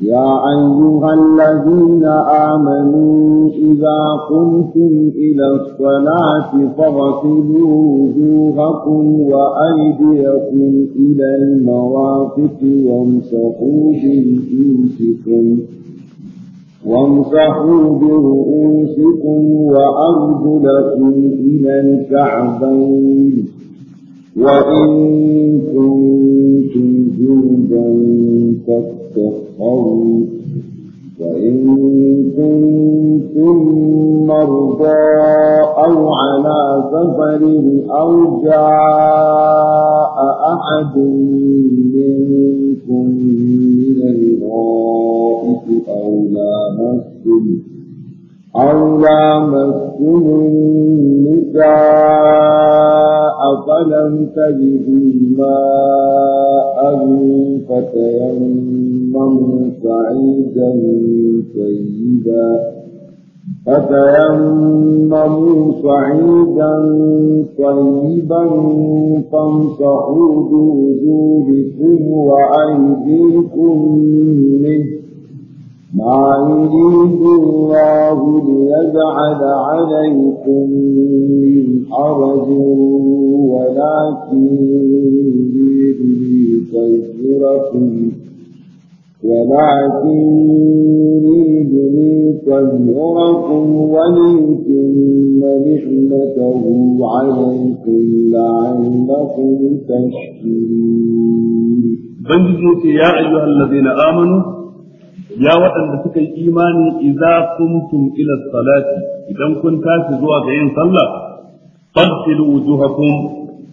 يا أيها الذين آمنوا إذا قمتم إلى الصلاة فاغسلوا وجوهكم وأيديكم إلى المرافق وامسحوا برؤوسكم وامسحوا برؤوسكم وأرجلكم إلى الكعبين وإن كنتم جنبا فاستحروا وإن كنتم مرضى أو على سفر أو جاء أحد منكم من الغائب أو لامستم أو لامستم النساء فلم تجدوا ماء فتيمموا صعيدا طيبا فتيمموا صعيدا طيبا فامسحوا بوجوهكم وأيديكم منه ما يريد الله ليجعل عليكم من حرج ولكن يريد ليطهركم ولكن يريد ليطهركم وليتم نعمته عليكم لعلكم تشكرون بنجي يا أيها الذين آمنوا ya waɗanda suka yi imani idza kuntum ila salati idan kun tashi zuwa ga yin sallah fasilu wujuhakum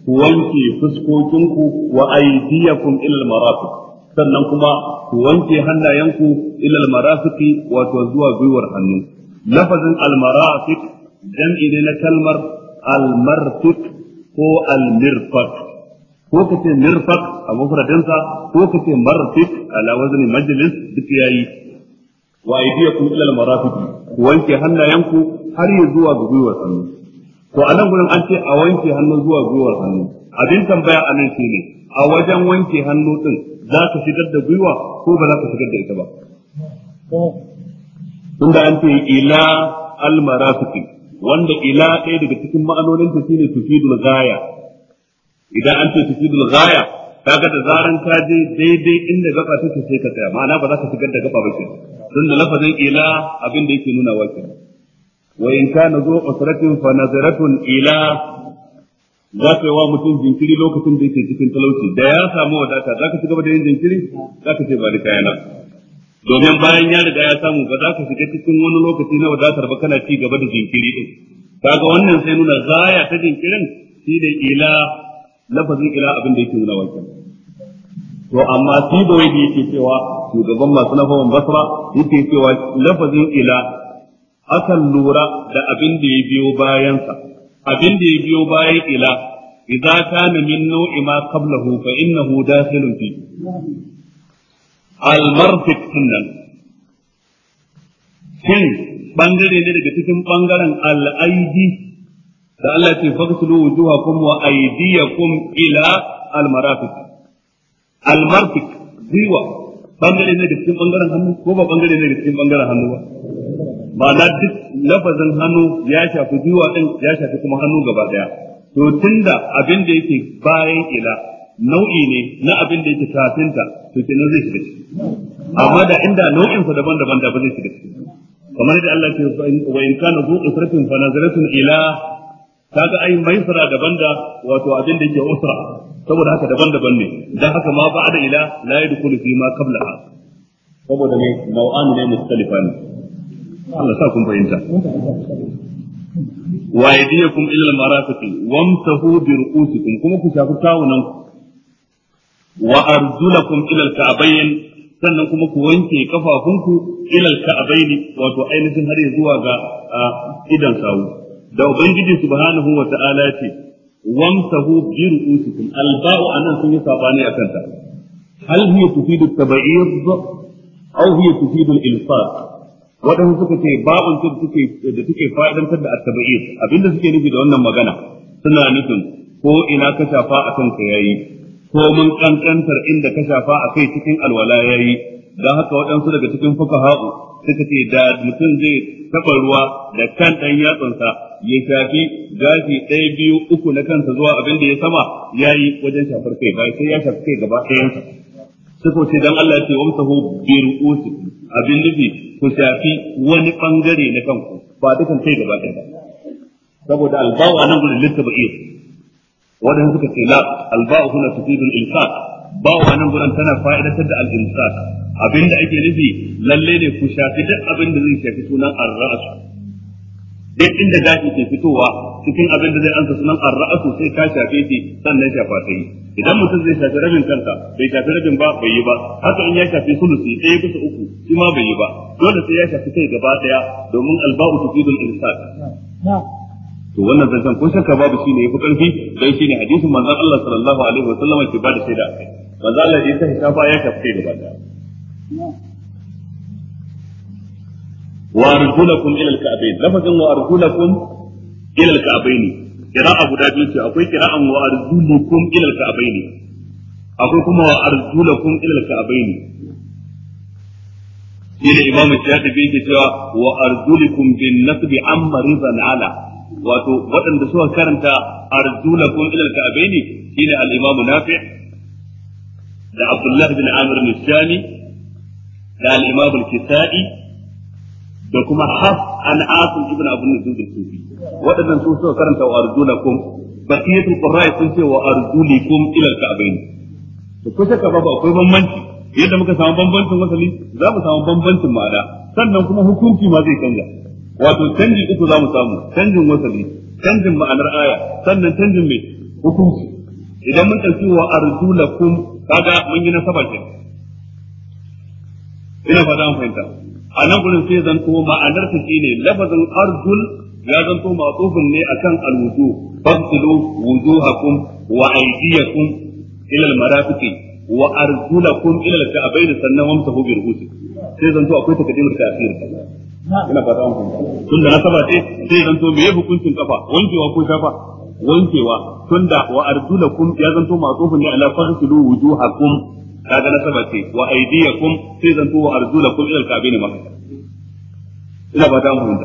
ku wanke fuskokinku wa aydiyakum ila al-marafiq sannan kuma ku wanke hannayenku ila marafiki wato zuwa gwiwar hannu lafazin al-marafiq jam'i na kalmar al ko al-mirfaq ko ka ce a mufradinsa ko ka ce marfik ala wazni majlis duk yayi wa aydiyakum ila al-marafiq ku wanke hannayenku har ya zuwa ga gwiwar hannu to a nan gurin an ce a wanke hannu zuwa gwiwar hannu abin tambaya a nan shine a wajen wanke hannu din za ka shigar da gwiwa ko ba za ka shigar da ita ba tunda an ce ila al-marafiq wanda ila ɗaya daga cikin ma'anonin ta shine tufidul ghaya idan an ce tufidul ghaya kaga da zaran ka je daidai inda gaba take sai ka tsaya ma'ana ba za ka shigar da gaba ba kenan tunda lafazin ila abin da yake nuna wake wa in kana zo usratin fa nazaratun ila za ka wa mutum jinkiri lokacin da yake cikin talauci da ya samu wadata za ka ci gaba da yin jinkiri za ka ce ba da kayana domin bayan ya riga ya samu ba za ka shiga cikin wani lokaci na wadatar ba kana ci gaba da jinkiri din kaga wannan sai nuna zaya ta jinkirin shi da ila lafazin ila abin da yake nuna wace. to amma siboyi da yake cewa shugaban masu nafawan basra yake cewa lafazin ila akan lura da abin da ya biyo bayansa abin da ya biyo bayan ila idza kana min nau'i ma qablahu fa innahu dakhilun fi al-marfiq sunan shin bangare ne daga cikin bangaren al-aidi da Allah ce faghsilu wujuhakum wa aydiyakum ila al-marafiq almartik gwiwa bangare ne da cikin bangaren hannu ko ba bangare ne da cikin bangaren hannu ba na duk lafazin hannu ya shafi gwiwa din ya shafi kuma hannu gaba daya to tunda abin da yake bayan ila nau'i ne na abin da yake ta to kenan zai shiga ciki amma da inda nau'in sa daban-daban da ba zai shiga ciki kamar da Allah ke wa in kana zu usratin fa nazaratun ila kaga ai maisara daban da wato abin da yake usra saboda haka daban-daban ne don haka ma ba da ila la yadkhulu fi ma qablaha saboda ne nau'an ne mustalifa ne Allah sa kun fahimta wa yadiyakum ila al-marafiqi wamsahu bi ru'usikum kuma ku shafi kawunan wa arjulakum ila al-ka'bayn sannan kuma ku wanke kafafunku ila al-ka'bayn wato ainihin har zuwa ga idan sawu da ubangiji subhanahu wa ta'ala ce wamsahu bi ru'usikum alba'u anan sun yi sabani akan ta hal hiya tufidu tabaid aw hiya tufidu al-ilfaq suka ce babun da suke da suke fa'idantar da at abinda suke nufi da wannan magana suna nufin ko ina ka shafa akan ka yayi ko mun kankantar inda ka shafa akai cikin alwala yayi don haka waɗansu daga cikin fukaha'u suka ce da mutum zai taɓa ruwa da kan ɗan yatsunsa ya shafi gashi ɗaya biyu uku na kansa zuwa abin da ya sama ya yi wajen shafar kai ba sai ya shafi kai gaba ɗayansa suka ce don Allah ce hu bi ru'usi abin nufi ku shafi wani bangare na kanku ba dukan kai gaba ɗaya saboda albawa nan gudun littaba'i waɗansu suka ce la alba'u huna tufidul ilfaq ba wa nan gurin tana fa'idatar da al-imsak abinda ake nufi lalle ne ku shafi duk abin da zai shafi sunan ar-ra's duk inda gashi ke fitowa cikin abin da zai ansa sunan ar-ra's sai ka shafe shi sannan shafa ta yi idan mutum zai shafi rabin kansa bai shafi rabin ba bai yi ba haka in ya shafi sulusi ɗaya kusa uku shi ma bai yi ba dole sai ya shafi kai gaba daya domin al-ba'u tufidul imsak to wannan zancen ko shakka babu shine yafi karfi dan shine hadisin manzon Allah sallallahu alaihi wasallam ke bada shaida akai manzo Allah ya sai ta baya kafai gaba da wa arjulakum ila al-ka'bayn lafazin wa arjulakum ila al-ka'bayn qira'a guda biyu ce akwai qira'an wa arjulukum ila al-ka'bayn akwai kuma wa arjulakum ila al-ka'bayn shi ne imamu shafi yake cewa wa arjulikum bin nasbi amma rizan ala wato waɗanda suka karanta arjulakum ila al shi shine al-imamu nafi' da Abdullah bin Amir al da al-Imam al-Kisai da kuma Hafs an Asim ibn Abu Nuzul al-Sufi waɗannan su suka karanta wa arzulakum baqiyatul qurra'i sun ce wa arzulikum ila al-ka'bayn to ko shakka ba akwai bambanci yadda muka samu bambancin wasali za mu samu bambancin ma'ana sannan kuma hukunci ma zai canza wato canji uku za mu samu canjin wasali canjin ma'anar aya sannan canjin mai hukunci idan mun ɗauki wa arzulakum kaga mun yi nasaba ke ina fata an fahimta a nan gudun sai zanto ma'anar ta shine lafazin arzul ya zanto ma'tufun ne a akan alwudu fasilu wujuhakum wa aydiyakum ila almarafiqi wa arzulakum ila da sannan wamsahu bi hutu, sai zanto akwai takadimar ta'khir ina fata an fahimta Tun tunda nasaba ce sai zanto me hukuncin kafa wankewa ko shafa wankewa tunda wa arjulakum ya zanto ma'tufun ne ala fasilu wujuhakum kaga nasaba ce wa aydiyakum sai zanto wa arjulakum ila al-kabin ma ina ba ta mun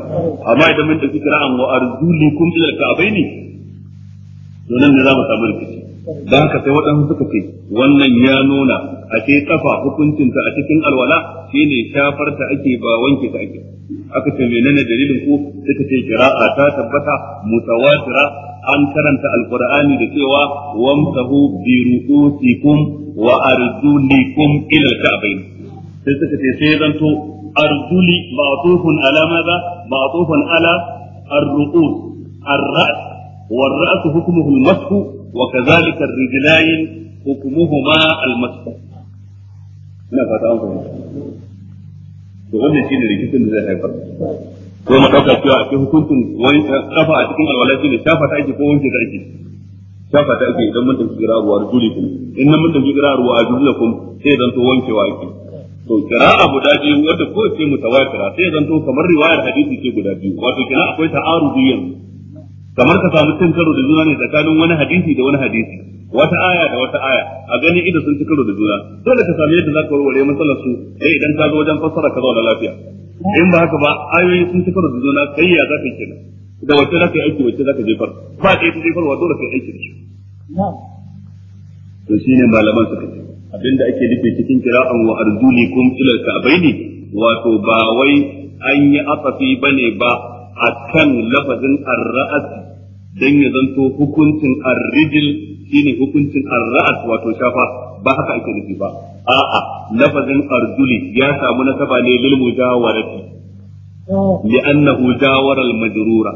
amma idan mun tafi kira kira'an wa arjulikum ila al-kabaini to nan ne za mu samu rikici da ka sai waɗansu suka ce wannan ya nuna a ce kafa hukuncinta a cikin alwala shine shafar ta ake ba wanke ta ake aka ce menene dalilin ku suka ce qira'a ta tabbata mutawatira an karanta alqur'ani da cewa wamsahu bi ru'usikum wa arjulikum ila al-ka'bayn sai suka ce sai zanto arjuli ma'tufun ala madha ma'tufun ala ar-ru'us ar-ra's والرأس حكمه المسح وكذلك الرجلين حكمهما المسح ina fata an fahimta to wannan shine rikicin da zai haifar ko mu dauka cewa akwai hukuncin wani kafa a cikin alwala shine shafa ta ake ko wanke ta ake shafa ta ake idan mun tafi kira ruwa rujuli kun in mun tafi kira ruwa rujula kun sai zanto wankewa ake to kira'a guda biyu wanda ko ce mu kira, sai zanto kamar riwayar hadisi ke guda biyu wato kira akwai ta'arudi yanzu kamar ka samu cin karo da juna ne tsakanin wani hadisi da wani hadisi wata aya da wata aya a gani ido sun ci karo da juna dole ka sami yadda zaka warware matsalar su sai eh, idan ka zo wajen fassara ka zauna lafiya in ba haka ba ayoyi sun ci karo da juna kai ya zaka kenan da wacce zaka yi aiki wacce zaka jefar ba ɗaya ta wa dole yi aiki da shi to shine malaman suka ce abinda ake nufi cikin kira'an wa arzulikum ila ka'baini wato ba wai an yi asafi bane ba akan lafazin ar-ra'as dan ya zanto hukuncin ar-rijl shine hukuncin ar-ra'as wato shafa ba haka ake nufi ba a'a lafazin arjuli ya samu nasaba ne lil mujawarati li'annahu jawara al-majrura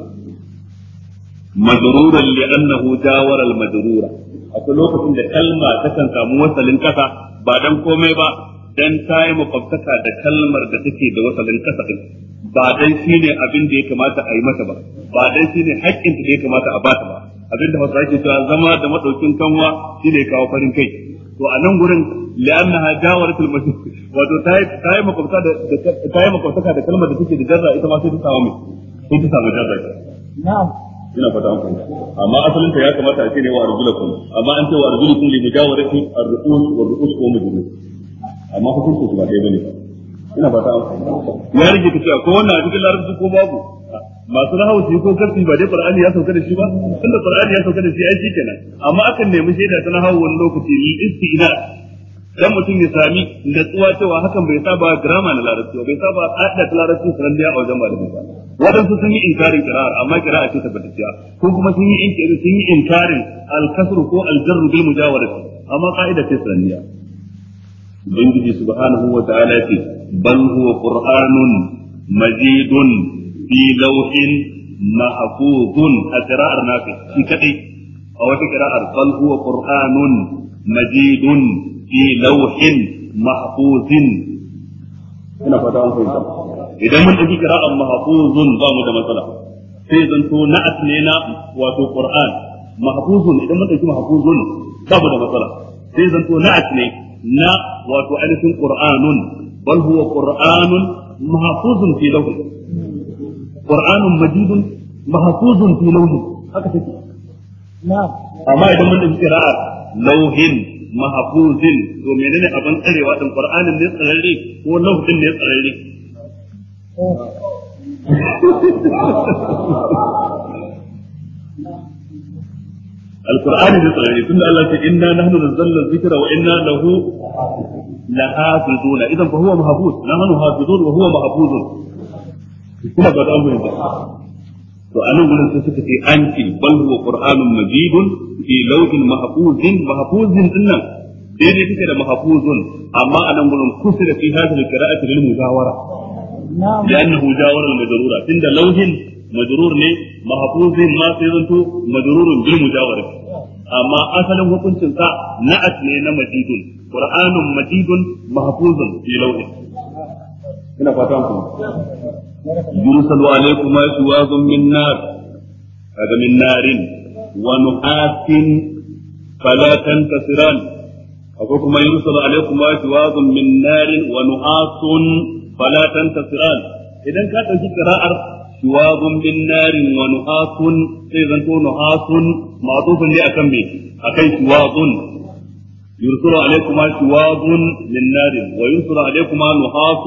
majruran li'annahu jawara majrura akwai lokacin da kalma ta kan samu wasalin kasa ba dan komai ba dan ta yi makwabtaka da kalmar da take da wasalin kasa din ba dan shine abin da ya kamata a yi mata ba ba dan shine haƙƙin da ya kamata a bata ba abin da Hausa ke cewa zama da madaukin kanwa shine kawo farin kai to a nan gurin li'annaha jawarat al-masjid wato tayi tayi makwabta da tayi makwabtaka da kalmar da take da jarra ita ma sai ta samu sai ta samu jarra na'am ina fata an amma asalin ta ya kamata a ce ne wa arjulakum amma an ce wa arjulakum li mujawarati ar-ru'us wa ar-ru'us wa mujlis amma hukuncin su ba dai bane ba ina ba ta ya rike ko wannan a cikin larabci ko babu masu rahawa su ko karfi ba dai qur'ani ya sauka da shi ba tunda qur'ani ya sauka da shi ai kenan amma akan nemi shaida ta rahawa wani lokaci lil isti'na dan mutum ya sami natsuwa cewa hakan bai saba grammar na larabci bai saba adda ta larabci sanan da ya wajen malami ba wadansu sun yi inkarin kirar amma kira ce tabbatacciya ko kuma sun yi inkarin sun yi inkarin al-kasr ko al-jarr bil mujawarati amma ka'ida ce sananniya ubangiji subhanahu wa ta'ala ce bal huwa qur'anun majidun fi lawhin mahfuzun a qira'ar nafi shi kadai a wata qira'ar bal huwa qur'anun majidun fi lawhin mahfuzin ina fata an fahimta idan mun ɗauki qira'ar mahfuzun ba mu da matsala sai zanto na'at ne na wato qur'an mahfuzun idan mun ɗauki mahfuzun ba mu da matsala sai zanto na'at ne na wato alifin qur'anun bal huwa qur'anun mahfuzun fi lawh qur'anun majidun mahfuzun fi lawh haka take na'am amma idan mun dauki qira'a lawhin mahfuzin to menene abin tsarewa din qur'anin ne tsararre ko lawhin ne tsararre oh. Alkur'ani da tsare tunda Allah ce inna nahnu nazzalna dhikra wa inna lahu lahafizuna idan fa huwa mahfuz nahnu hafizun wa huwa mahfuzun kuma ga dan mun to anan gurin sai suka ce an ce bal huwa kake da mahfuzun amma anan gurin kusura fi hadhihi alqira'ati lil mujawara لأنه جاور المجرورة عند lauhin. majrur ne mahfuzin ma sai zanto majrurun bil mujawara amma asalin hukuncin sa na'at ne na majidun qur'anun majidun mahfuzun fi lawhi ina fata ku yursalu alaykum aswazun min nar kaga min narin wa nu'atin fala tantasiran akwai kuma yursalu alaykum aswazun min narin wa idan ka dauki qira'ar shiwazun min narin wa nuhasun sai zanto nuhasun ma'tufun ne akan me akan shiwazun يرسل عليكما شواظ من نار ويرسل عليكما نحاس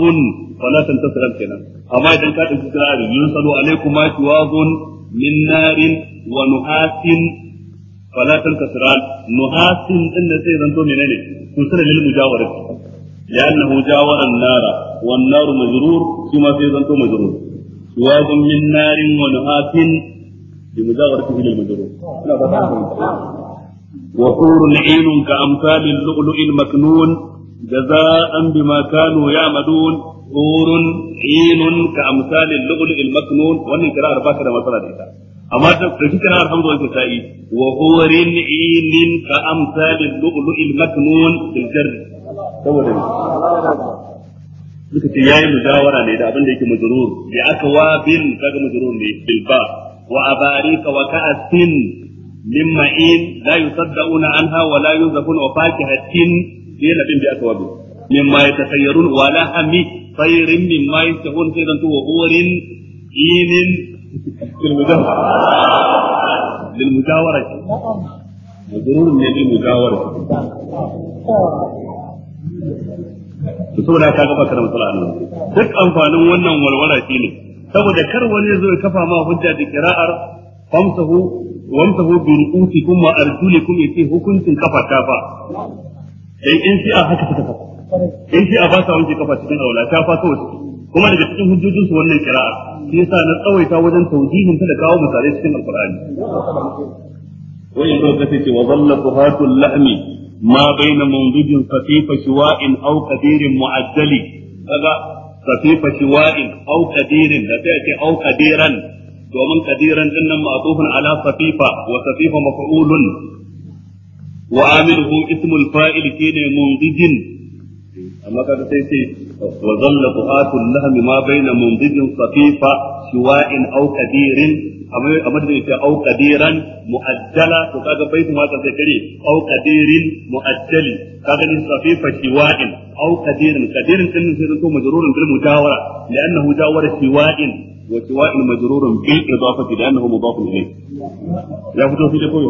فلا تنتصرن كده اما اذا كانت تكرار يرسل عليكما شواظ من نار ونحاس فلا تنتصران نحاس ان سي زنتو منene كسر للمجاورة لأنه جاور النار والنار مجرور ثم في زنتو مجرور سواب من نار ونهاف بمجاورته للمجرور وحور عين كأمثال اللؤلؤ المكنون جزاء بما كانوا يعملون حور عين كأمثال اللؤلؤ المكنون وأن القراءة باكرة مثلا لها أما تفكر كراءة الحمد لله وحور عين كأمثال اللؤلؤ المكنون في بالجر suka ce yayi mujawara ne da abin da yake majrur bi akwabin kaga majrur ne bil ba wa abarika wa ka'sin min ma'in la yusaddauna anha wa la yuzafun wa fakihatin yana bin bi akwabin mimma yatakayyarun wa la hami tayrin mimma yastahun sai dan tuwa hurin inin bil mujawara bil mujawara majrur ne bil mujawara su saboda ka ga baka da matsala a nan duk amfanin wannan walwala shine saboda kar wani ya zo ya kafa ma hujja da kira'ar famsahu wamsahu bi kuma wa arjulikum yace hukuncin kafa ta fa dan in shi a haka suka kafa in shi a ba sa wanke kafa cikin aula ta fa kawai kuma daga cikin hujjojin su wannan kira'a shi yasa na tsawaita wajen taujihin ta da kawo misalai cikin alqur'ani wa in ka ce wa dhalla tuhatul lahmi ma baina munzujin safifa shiwa'in aw qadirin mu'addali kaga safifa shiwa'in aw qadirin da sai ce aw qadiran domin kadiran din nan ma'tufun ala safifa wa safifa maf'ulun wa amiluhu ismul fa'il kine munzujin amma وظل بقاة اللحم ما بين منضج خفيفة سواء أو كثير أو كثيرا مؤجلا وكذا بيت ما تذكري أو كثير مؤجل كذا خفيفة سواء أو كثير كثير كنن سيدنكو مجرور بالمجاورة لأنه جاور سواء وسواء مجرور بالإضافة لأنه مضاف إليه يا فتوى في جفوية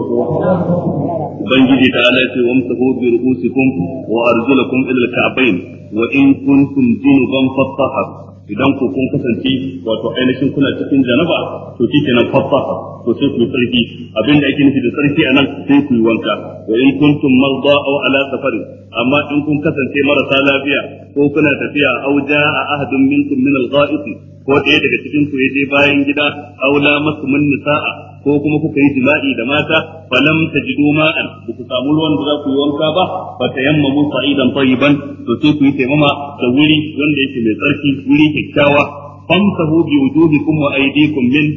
بنجي تعالى وامسكوا برؤوسكم وأرجلكم إلى الكعبين وإن كنتم kuntum junuban fattahar idan ku kun kasance wato ainihin kuna cikin janaba to shikenan fattahar to sai ku yi tsarki abin ake nufi da sarki anan sai ku yi wanka wa in kuntum marda aw ala safarin amma in kun kasance marasa lafiya ko kuna tafiya aw jaa ahadun minkum min al-gha'iti ko ɗaya daga cikin ku yaje bayan gida aw la masumun nisaa ko kuma kuka yi jima'i da mata falam tajidu ma'an ba ku samu ruwan da za ku yi wanka ba fa tayammamu sa'idan tayyiban to sai ku yi taimama da wuri wanda yake mai tsarki wuri kyakkyawa famsahu bi wujuhikum wa aydikum min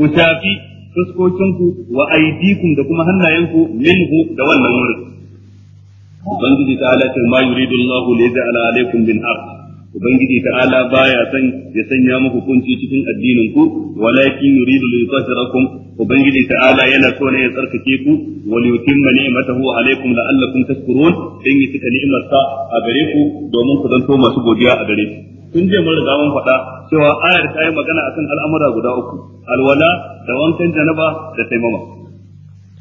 ku shafi fuskokinku wa aydikum da kuma hannayenku minhu da wannan wurin ubangiji ta halatta ma yuridu Allahu li yaj'ala alaykum min harj ubangiji ta'ala baya san ya sanya muku hukunci cikin addinin ku walakin yuridu li yutahhirakum ubangiji ta'ala yana so ne ya tsarkake ku wa li yutimma ni'matahu alaykum la'allakum tashkurun dan yi cika ni'imarsa a gare ku domin ku zanto masu godiya a gare ku kun je mun riga mun faɗa cewa ayar ta yi magana akan al'amura guda uku alwala da wankan janaba da taimama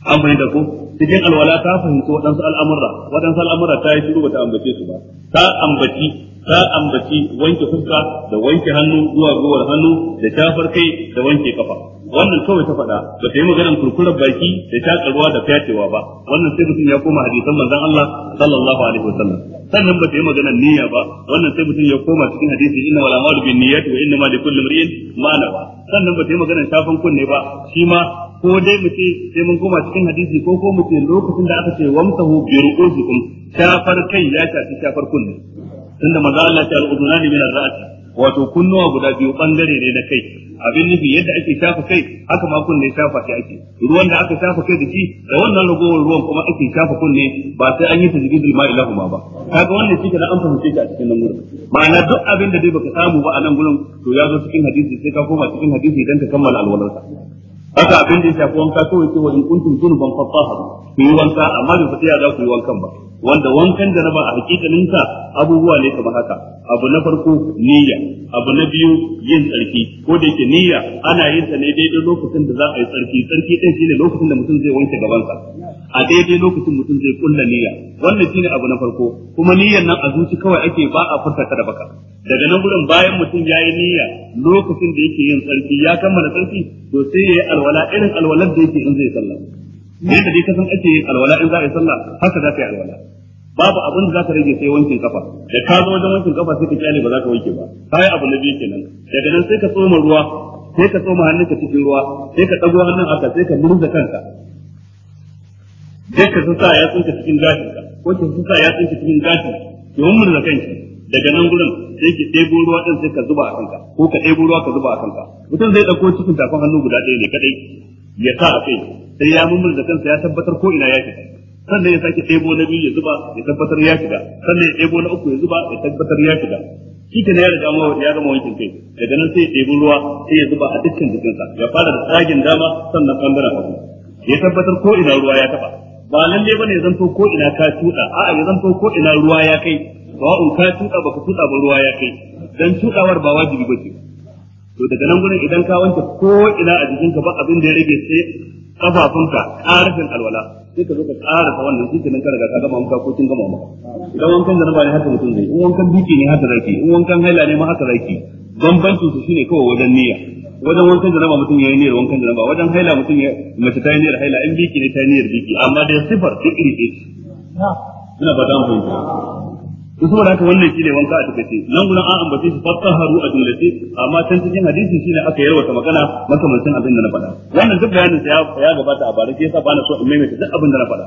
an fahimta ko cikin alwala ta fahimci waɗansu al'amurra waɗansu al'amurra ta yi shiru ta ambace su ba ta ambaci ta ambaci wanke fuska da wanke hannu zuwa zuwa hannu da shafar kai da wanke kafa wannan kawai ta faɗa ba ta yi maganar kurkurar baki da shakarwa da fyacewa ba wannan sai mutum ya koma hadisan manzon Allah sallallahu alaihi wasallam sannan ba ta yi maganar niyya ba wannan sai mutum ya koma cikin hadisi inna wala ma'al bin niyyati wa inna ma li kulli imrin ma nawa sannan ba ta yi maganar shafan kunne ba shi ma ko dai mu ce sai mun koma cikin hadisi ko ko mu ce lokacin da aka ce wamsahu bi ru'usikum shafar kai ya shafi shafar kunne tunda manzo Allah ta al'udunani min ar wato kunnuwa guda biyu bangare ne na kai abin nufi yadda ake shafa kai haka ma kunne shafa shi ake ruwan da aka shafa kai da shi da wannan ragowar ruwan kuma ake shafa kunne ba sai an yi tajridul ma'i lahuma ba kaga wannan shi kenan an fahimce shi a cikin nan gurin ma'ana duk abin da dai baka samu ba a nan gurin to ya zo cikin hadisi sai ka koma cikin hadisi dan ka kammala alwalarsa haka abin da ya shafi wanka kawai ce wa in kuntum junuban fatahharu ku yi wanka amma da fatiya za ku yi wankan ba wanda wankan da na ba a hakikanin sa abubuwa ne kamar haka abu na farko niyya abu na biyu yin tsarki ko da yake niyya ana yin ta ne daidai lokacin da za a yi tsarki tsarki ɗin shine lokacin da mutum zai wanke gaban sa a daidai lokacin mutum zai kulla niyya wannan shine abu na farko kuma niyyan nan a zuci kawai ake ba a furta ta da baka daga nan gurin bayan mutum ya yi niyya lokacin da yake yin tsarki ya kammala tsarki to sai ya yi alwala irin alwalar da yake in zai sallah da dai kasan ake yin alwala in za a yi sallah haka za ka yi alwala babu abin da za ka rage sai wankin kafa da ka zo wajen wankin kafa sai ka kyale ba za ka wanke ba kai abu na biyu kenan daga nan sai ka tsoma ruwa sai ka tsoma hannunka cikin ruwa sai ka dago hannun aka sai ka murza kanka sai ka sa ya tsinka cikin gashin ka ko ka sa ya tsinka cikin gashin ki mun murza kanki daga nan gurin sai ki ɗebo ruwa ɗin sai ka zuba a kanka ko ka ɗebo ruwa ka zuba a kanka mutum zai ɗauko cikin tafin hannu guda ɗaya ne kaɗai ya sa a kai sai ya mummurza kansa ya tabbatar ko ina ya fita sannan ya sake ɗebo na biyu ya zuba ya tabbatar ya shiga sannan ya ɗebo na uku ya zuba ya tabbatar ya shiga shi ke ya riga ya gama wankin kai daga nan sai ya ɗebo ruwa sai ya zuba a dukkan jikinsa ya fara da tsagin dama sannan ɓangaren hagu ya tabbatar ko ina ruwa ya taɓa ba lalle bane ya zanto ko ina ka tuɗa a'a ya zanto ko ina ruwa ya kai sawa'un ka tuda baka tuɗa ba ruwa ya kai dan tuɗawar ba wajibi ba ce to daga nan gurin idan ka wanke ko ina a jikinka ba abin da ya rage sai kafafunka karfin alwala sai ka zo ka karasa wannan shi kenan ka riga ka gama wanka ko kin gama ma. idan wankan da ne haka mutum zai in wankan biki ne haka zaki in wankan haila ne ma haka zaki bambancin su shine kawai wajen niyya wajen wankan da raba mutum yayi niyyar wankan da raba wajen haila mutum ya mace ta yi niyyar haila in biki ne ta yi niyyar biki amma da sifar duk iri ɗaya ina ba za mu to saboda haka wannan shine wanka a take nan gurin an ambace shi fatsaharu a jumlace amma can cikin hadisin shine aka yarwata magana makamancin abin da na faɗa wannan duk bayanin sa ya gabata a bare yasa ba na so in maimaita duk abin da na faɗa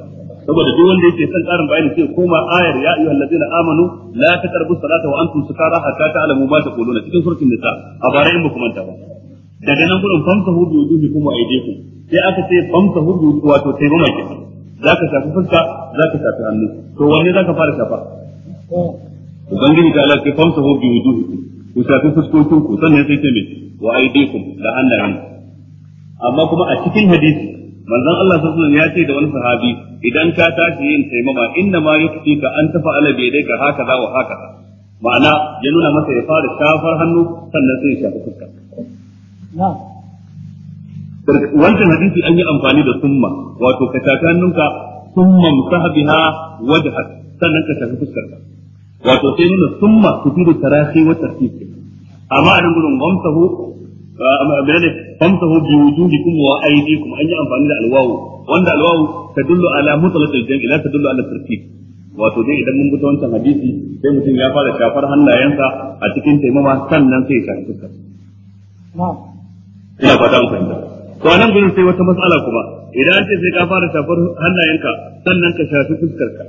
saboda duk wanda yake son ƙarin bayani sai koma ayar ya ayyuhal ladina amanu la taqrabu salata wa antum sukara hatta ta'lamu ma taquluna cikin surkin nisa a bare in ba ku manta ba daga nan gurin famsa hudu wujuhikum wa aydikum sai aka ce famsa hudu wato sai ba mai zaka shafi fuska zaka shafi hannu to wanne zaka fara shafa ubangiji ta Allah sai famsa hobi bi ku shafi fuskokin ku sannan sai ce me wa aydikum da hannayen amma kuma a cikin hadisi manzon Allah sallallahu alaihi ya ce da wani sahabi idan ka tashi yin taimama inna ma yukfi ka an tafa ala bi haka za wa haka ma'ana ya nuna masa ya fara shafar hannu sannan sai ya shafi fuska wancan hadisi an yi amfani da summa wato ka shafi hannunka summa musahabiha wajhak sannan ka shafi fuskarka wato sai nuna summa kutubu tarahi wa tartib amma a nan gurin gamsahu menene gamsahu bi kuma wa kuma an yi amfani da alwawu wanda alwawu ta tadullu ala mutlaq al-jam'i la tadullu ala tartib wato dai idan mun bi wancan hadisi sai mutum ya fara shafar hannayensa a cikin taimama sannan sai ya shafi fuskar ina fata mu fahimta to nan gurin sai wata matsala kuma idan an ce sai ka fara shafar hannayenka sannan ka shafi fuskarka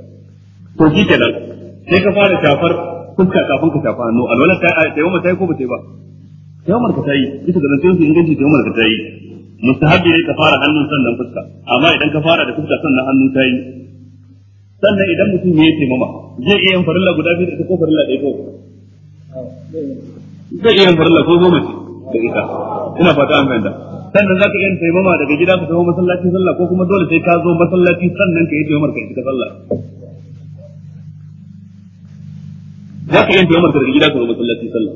to shi kenan sai ka fara shafar fuska kafin ka shafa hannu alwala ta tayammum ta yi ko ba ta yi ba Ta tayammum ka ta yi bisa ga zancen inganci ta tayammum ka ta yi mustahabi ne ka fara hannun sannan fuska amma idan ka fara da fuska sannan hannu ta yi sannan idan mutum ya yi taimama zai iya yin farilla guda biyu da ita ko farilla ɗaya ko zai iya yin farilla ko goma ce da ita ina fata an fahimta sannan za ka iya taimama daga gida ka tafi masallaci sallah ko kuma dole sai ka zo masallaci sannan ka yi taimama ka ta sallah za ka yin taimar daga gida ka zo masallaci sallah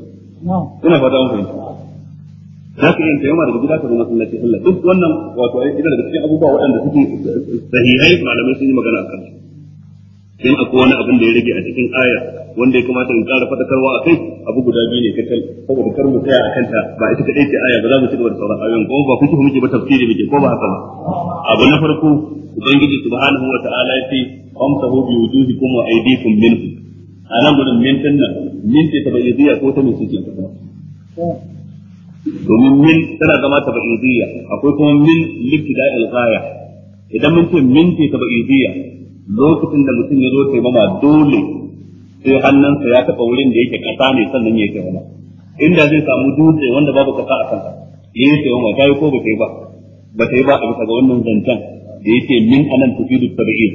ina fata an fahimta za ka yin taimar daga gida ka zo masallaci sallah duk wannan wato ai ina daga cikin abubuwa waɗanda suke sahihai malamai sun yi magana a kansu in akwai wani abin da ya rage a cikin aya wanda ya kamata in ƙara fadakarwa a kai abu guda biyu ne kacal saboda kar mu tsaya a kanta ba ita kadai ce aya ba za mu ci gaba da sauran ayoyin kuma ba kuke muke ba tafsiri muke ko ba haka ba abu na farko ubangiji subhanahu wa ta'ala ya ce amsahu bi wujuhikum wa aydikum minhu a nan gudun mintin nan minti tabayyidiyya ko ta mai suke domin min tana zama tabayyidiyya akwai kuma min da ilghaya idan mun ce minti tabayyidiyya lokacin da mutum ya zo taimama dole sai hannunsa ya taɓa wurin da yake ƙasa ne sannan ya taimama inda zai samu dutse wanda babu kasa a kansa ya yi taimama ta yi ko ba ta yi ba ba ta yi ba a bisa ga wannan zancen da yake min anan tafi duk tabi'in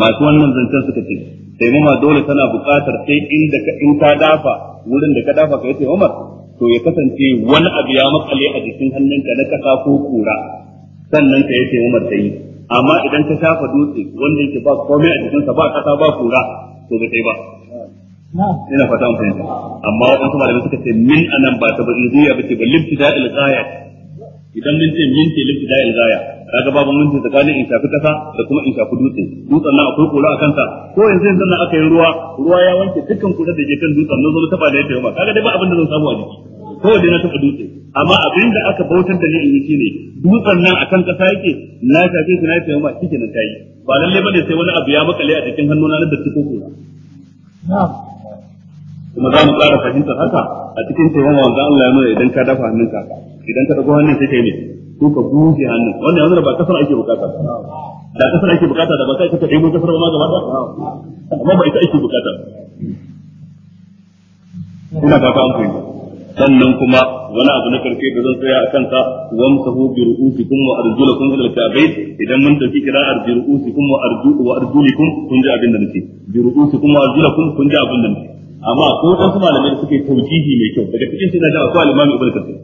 masu wannan zancen suka ce taimama dole tana buƙatar sai inda ka in ka dafa wurin da ka dafa ka yace Umar to ya kasance wani abu ya makale a jikin hannunka na kasa ko kura sannan ka yace Umar sai amma idan ka shafa dutse wanda yake ba komai a jikinsa ba kasa ba kura to ba sai ba ina fata mun fahimta amma wadansu malamai suka ce min anan ba ta ba zuya bace ba libtida il ghayat idan mun ce min ce da bida'il gaya kaga babu mun ce tsakanin in shafi kasa da kuma in shafi dutse dutsen nan akwai kula a kansa ko yanzu yanzu nan aka yi ruwa ruwa ya wanke dukkan kula da ke kan dutsen nan zo taba da ya tayyama kaga dai ba abin da zan samu a jiki ko dai na taba dutse amma abin da aka bautar da ni in yi shine dutsen nan akan kasa yake na shafi su na tayyama shike na yi. ba lallai lalle ne sai wani abu ya makale a cikin hannuna na da ko kuma za mu ƙara fahimtar haka a cikin taimakon wanda Allah ya nuna idan ka dafa hannun ka idan ka ɗago hannun sai kai ne ko ka buje hannun wannan yanzu ba kasar ake bukata da kasar ake bukata da ba sai ka ɗebo kasar ba gaba da amma ba ita ake bukata ina ba ka an fahimta sannan kuma wani abu na karfe da zan tsaya a kansa wamsahu bi ru'usikum wa arjulakum ila al-ka'bayn idan mun tafi kira'ar bi ru'usikum wa arjulakum kun ji abin da nake bi ru'usikum wa arjulakum kun ji abin da nake amma ko dan su malamai da suke taujihi mai kyau daga cikin suna da akwai al-Imam Ibn Kathir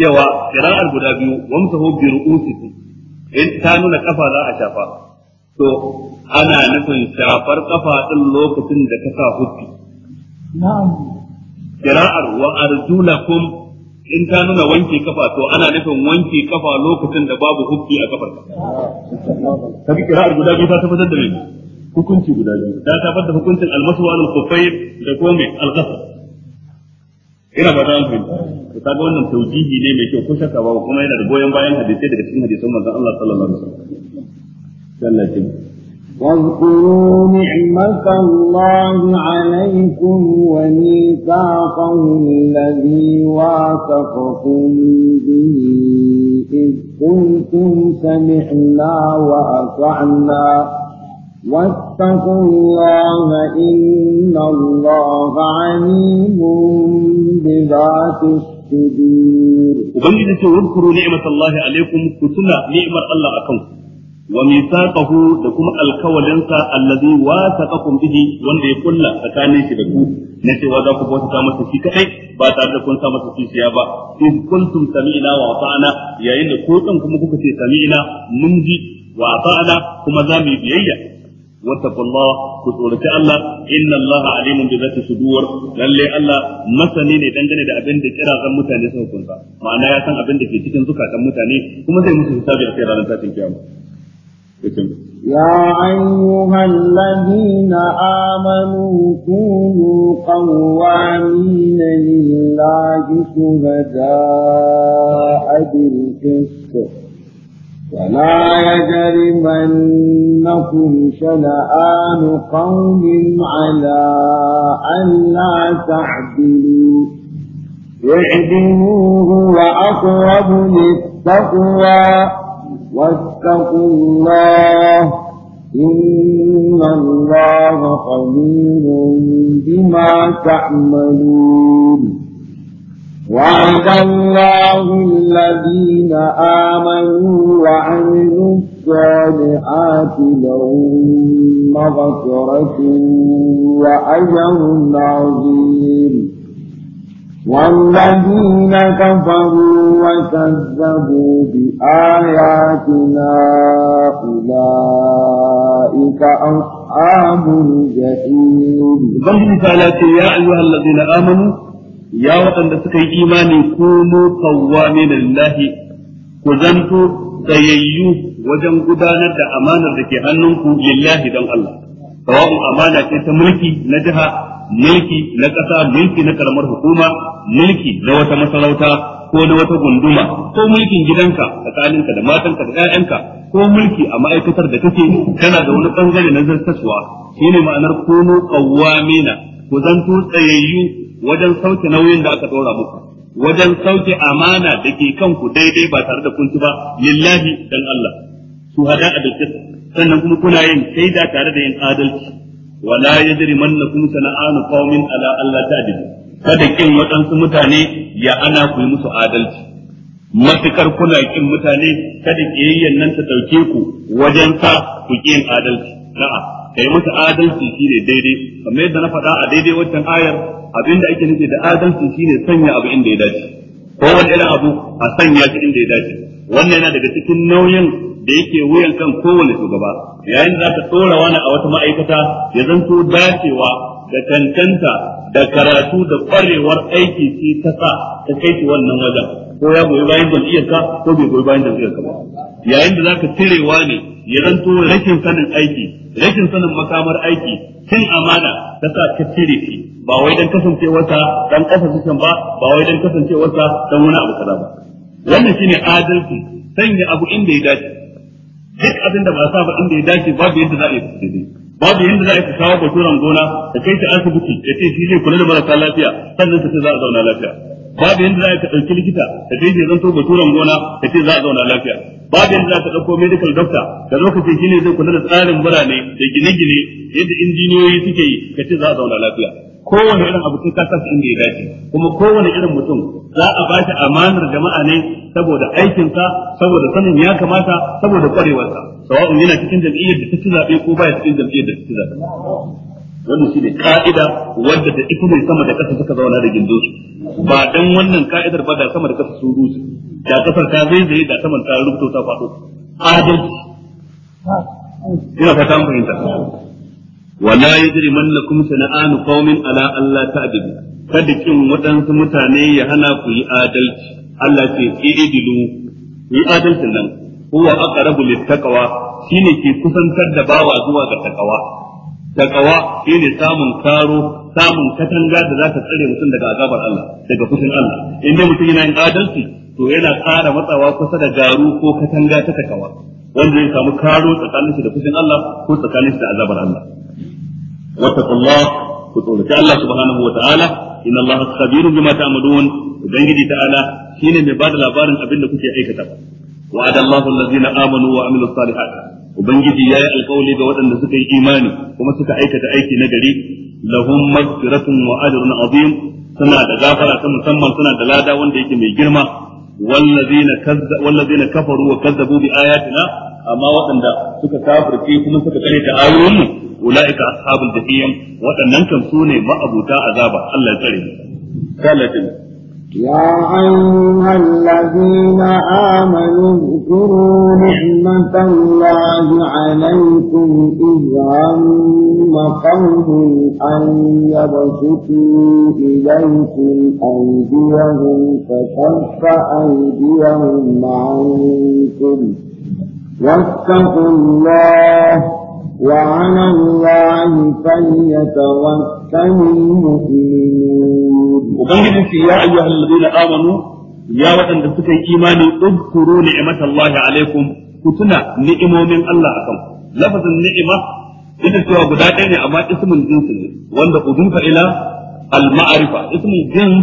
cewa qira'ar guda biyu wamsahu bi ru'usikum in ta nuna kafa za a shafa to ana nufin shafar kafa din lokacin da ka sa hudu na'am qira'ar wa arjulakum in ta nuna wanke kafa to ana nufin wanke kafa lokacin da babu hudu a kafar ka kaga qira'ar guda biyu ta tabbatar da me hukunci guda biyu da ta fadda hukuncin almasu wa al-khuffay da kuma mai al-ghasl ina ba ta amfani ta kaga wannan taujihi ne mai kyau ko shakka ba kuma yana da goyon bayan hadisai daga cikin hadisan manzon Allah sallallahu alaihi wasallam واذكروا نعمة الله عليكم وميثاقه الذي واثقكم به إذ قلتم سمعنا وأطعنا واتقوا الله إن الله عليم بذات الصدور وبنجد واذكروا نعمة الله عليكم كتنا نعمة الله أكمل وميثاقه لكم الكولنسا الذي واثقكم به wanda ya kulla tsakanin shi da ku na cewa za ku bauta masa shi kadai ba tare da kun sa masa kishiya ba in kuntum sami'na wa ata'na yayin da ko kuma kuka sami'na mun ji kuma za mu biyayya واتقوا الله كسورة الله إن الله عليم بذات الصدور قال لي الله مسني ne dangane da abinda da kira kan mutane suka kunsa ma'ana ya san abinda ke cikin zukatan mutane kuma zai musu hisabi a kai ranar tashin kiyama يا أيها الذين آمنوا كونوا قوامين لله شهداء بالقسط ولا يجرمنكم شنآن قوم على ألا تعدلوا اعدلوا هو أقرب للتقوى واتقوا الله إن الله خبير بما تعملون وعد الله الذين آمنوا وعملوا الصالحات لهم مغفرة وأجر عظيم والذين كفروا وكذبوا بآياتنا أولئك أصحاب الجحيم. ذلك يا أيها الذين آمنوا ya waɗanda suka yi imani kunu qawwamin lillahi ku zanto tsayayyu wajen gudanar da amanar da ke hannunku lillahi don Allah sawa'un amana ce ta mulki na jiha mulki na ƙasa mulki na karamar hukuma mulki na wata masarauta ko na wata gunduma ko mulkin gidanka tsakaninka da matanka da 'ya'yanka ko mulki a ma'aikatar da kake tana da wani bangare na zartaswa shine ma'anar kunu qawwamina ku zanto tsayayyu wajen sauke nauyin da aka ɗora muku wajen sauke amana da ke kanku daidai ba tare da kunci ba lillahi dan Allah su hada a dalkis sannan kuma kuna yin shaida tare da yin adalci wala lakum sana'an qaumin ala alla ta'dil kada kin waɗansu mutane ya ana ku yi musu adalci matukar kuna kin mutane kada kiyayyen nan ta dauke ku wajen sa ku yin adalci na'a kai mata adalci shine daidai kamar yadda na faɗa a daidai wancan ayar abinda ake nufi da adalci shine sanya abu inda ya dace ko wani irin abu a sanya shi inda ya dace wannan yana daga cikin nauyin da yake wuyan kan kowane shugaba yayin da ka tsora wani a wata ma'aikata ya zanto dacewa da cancanta da karatu da ƙwarewar aiki ce ta sa ta kai shi wannan wajen ko ya goyi bayan jam'iyyarka ko bai goyi bayan jam'iyyarka ba yayin da zaka cirewa ne ya zanto rashin sanin aiki rashin sanin makamar aiki cin amana ta sa ka cire shi ba wai dan wata dan kasa cikin ba ba wai dan wata dan wani abu kaza ba wannan shine adalci sanya abu inda ya dace duk abin da ba sa ba inda ya dace babu yadda za a yi Ba babu yadda za a yi kawo baturan gona da kai ta asibiti da ce shi zai kula da marasa lafiya sannan ta ce za a zauna lafiya babu yadda za a yi ka ɗauki likita da ce zan to baturan gona ka ce za a zauna lafiya babin da za ka ɗauko medical doctor da lokaci ka ne zai kula da tsarin birane da gine-gine yadda injiniyoyi suke yi ka ce za a zauna lafiya kowane irin abu ka kasa inda ya dace kuma kowane irin mutum za a bashi amanar jama'a ne saboda aikinsa saboda sanin ya kamata saboda kwarewarsa sawa'un yana cikin jam'iyyar da ta ci zaɓe ko baya cikin jam'iyyar da ta ci zaɓe wannan shine ka'ida wadda da ita ne sama da ƙasa suka zauna da gindo su ba dan wannan ka'idar ba da sama da ƙasa su rusu da ƙasar ta zaizaye da saman ta rubuto ta faɗo adalci ina fata mun fahimta wala lakum sana'an qaumin ala alla ta'dibu kada kin waɗansu mutane ya hana ku yi adalci Allah ce idilu yi adalcin nan huwa aqrabu taqwa shine ke kusantar da bawa zuwa ga takawa takawa shine samun karo samun katanga da za ka tsare mutum daga azabar Allah daga fushin Allah inda mutum yana yin adalci to yana ƙara matsawa kusa da garu ko katanga ta takawa wanda ya samu karo tsakanin da fushin Allah ko tsakanin da azabar Allah wattaqullah ku tsoraci Allah subhanahu wa ta'ala inna Allah khabirun bima ta'malun ubangiji ta'ala shine mai bada labarin abin da kuke aikata wa'ada allazina amanu wa amilus salihat ubangiji ya yi alkawali ga waɗanda suka yi imani kuma suka aikata aiki na gari lahum maghfiratun wa ajrun azim suna da gafara ta musamman suna da lada wanda yake mai girma wallazina kazza wallazina kafaru wa kazzabu bi ayatina amma waɗanda suka kafirce kuma suka kare ta ayoyin ulaika ashabul jahim waɗannan kan sune ma'abuta azaba Allah ya tsare mu يا أيها الذين آمنوا اذكروا نعمة الله عليكم إذ هم قوم أن يبسطوا إليكم أيديهم فكف أيديهم عنكم واتقوا الله وعلى الله فليتوكل المؤمنون ubangiji ce ya ayyuhal ladina amanu ya waɗanda suka yi imani udkuru ni'matallahi alaikum ku tuna ni'imomin Allah akan lafazin ni'ima ita cewa guda ɗaya ne amma ismin jinsi ne wanda udufa ila al-ma'rifa ismin jins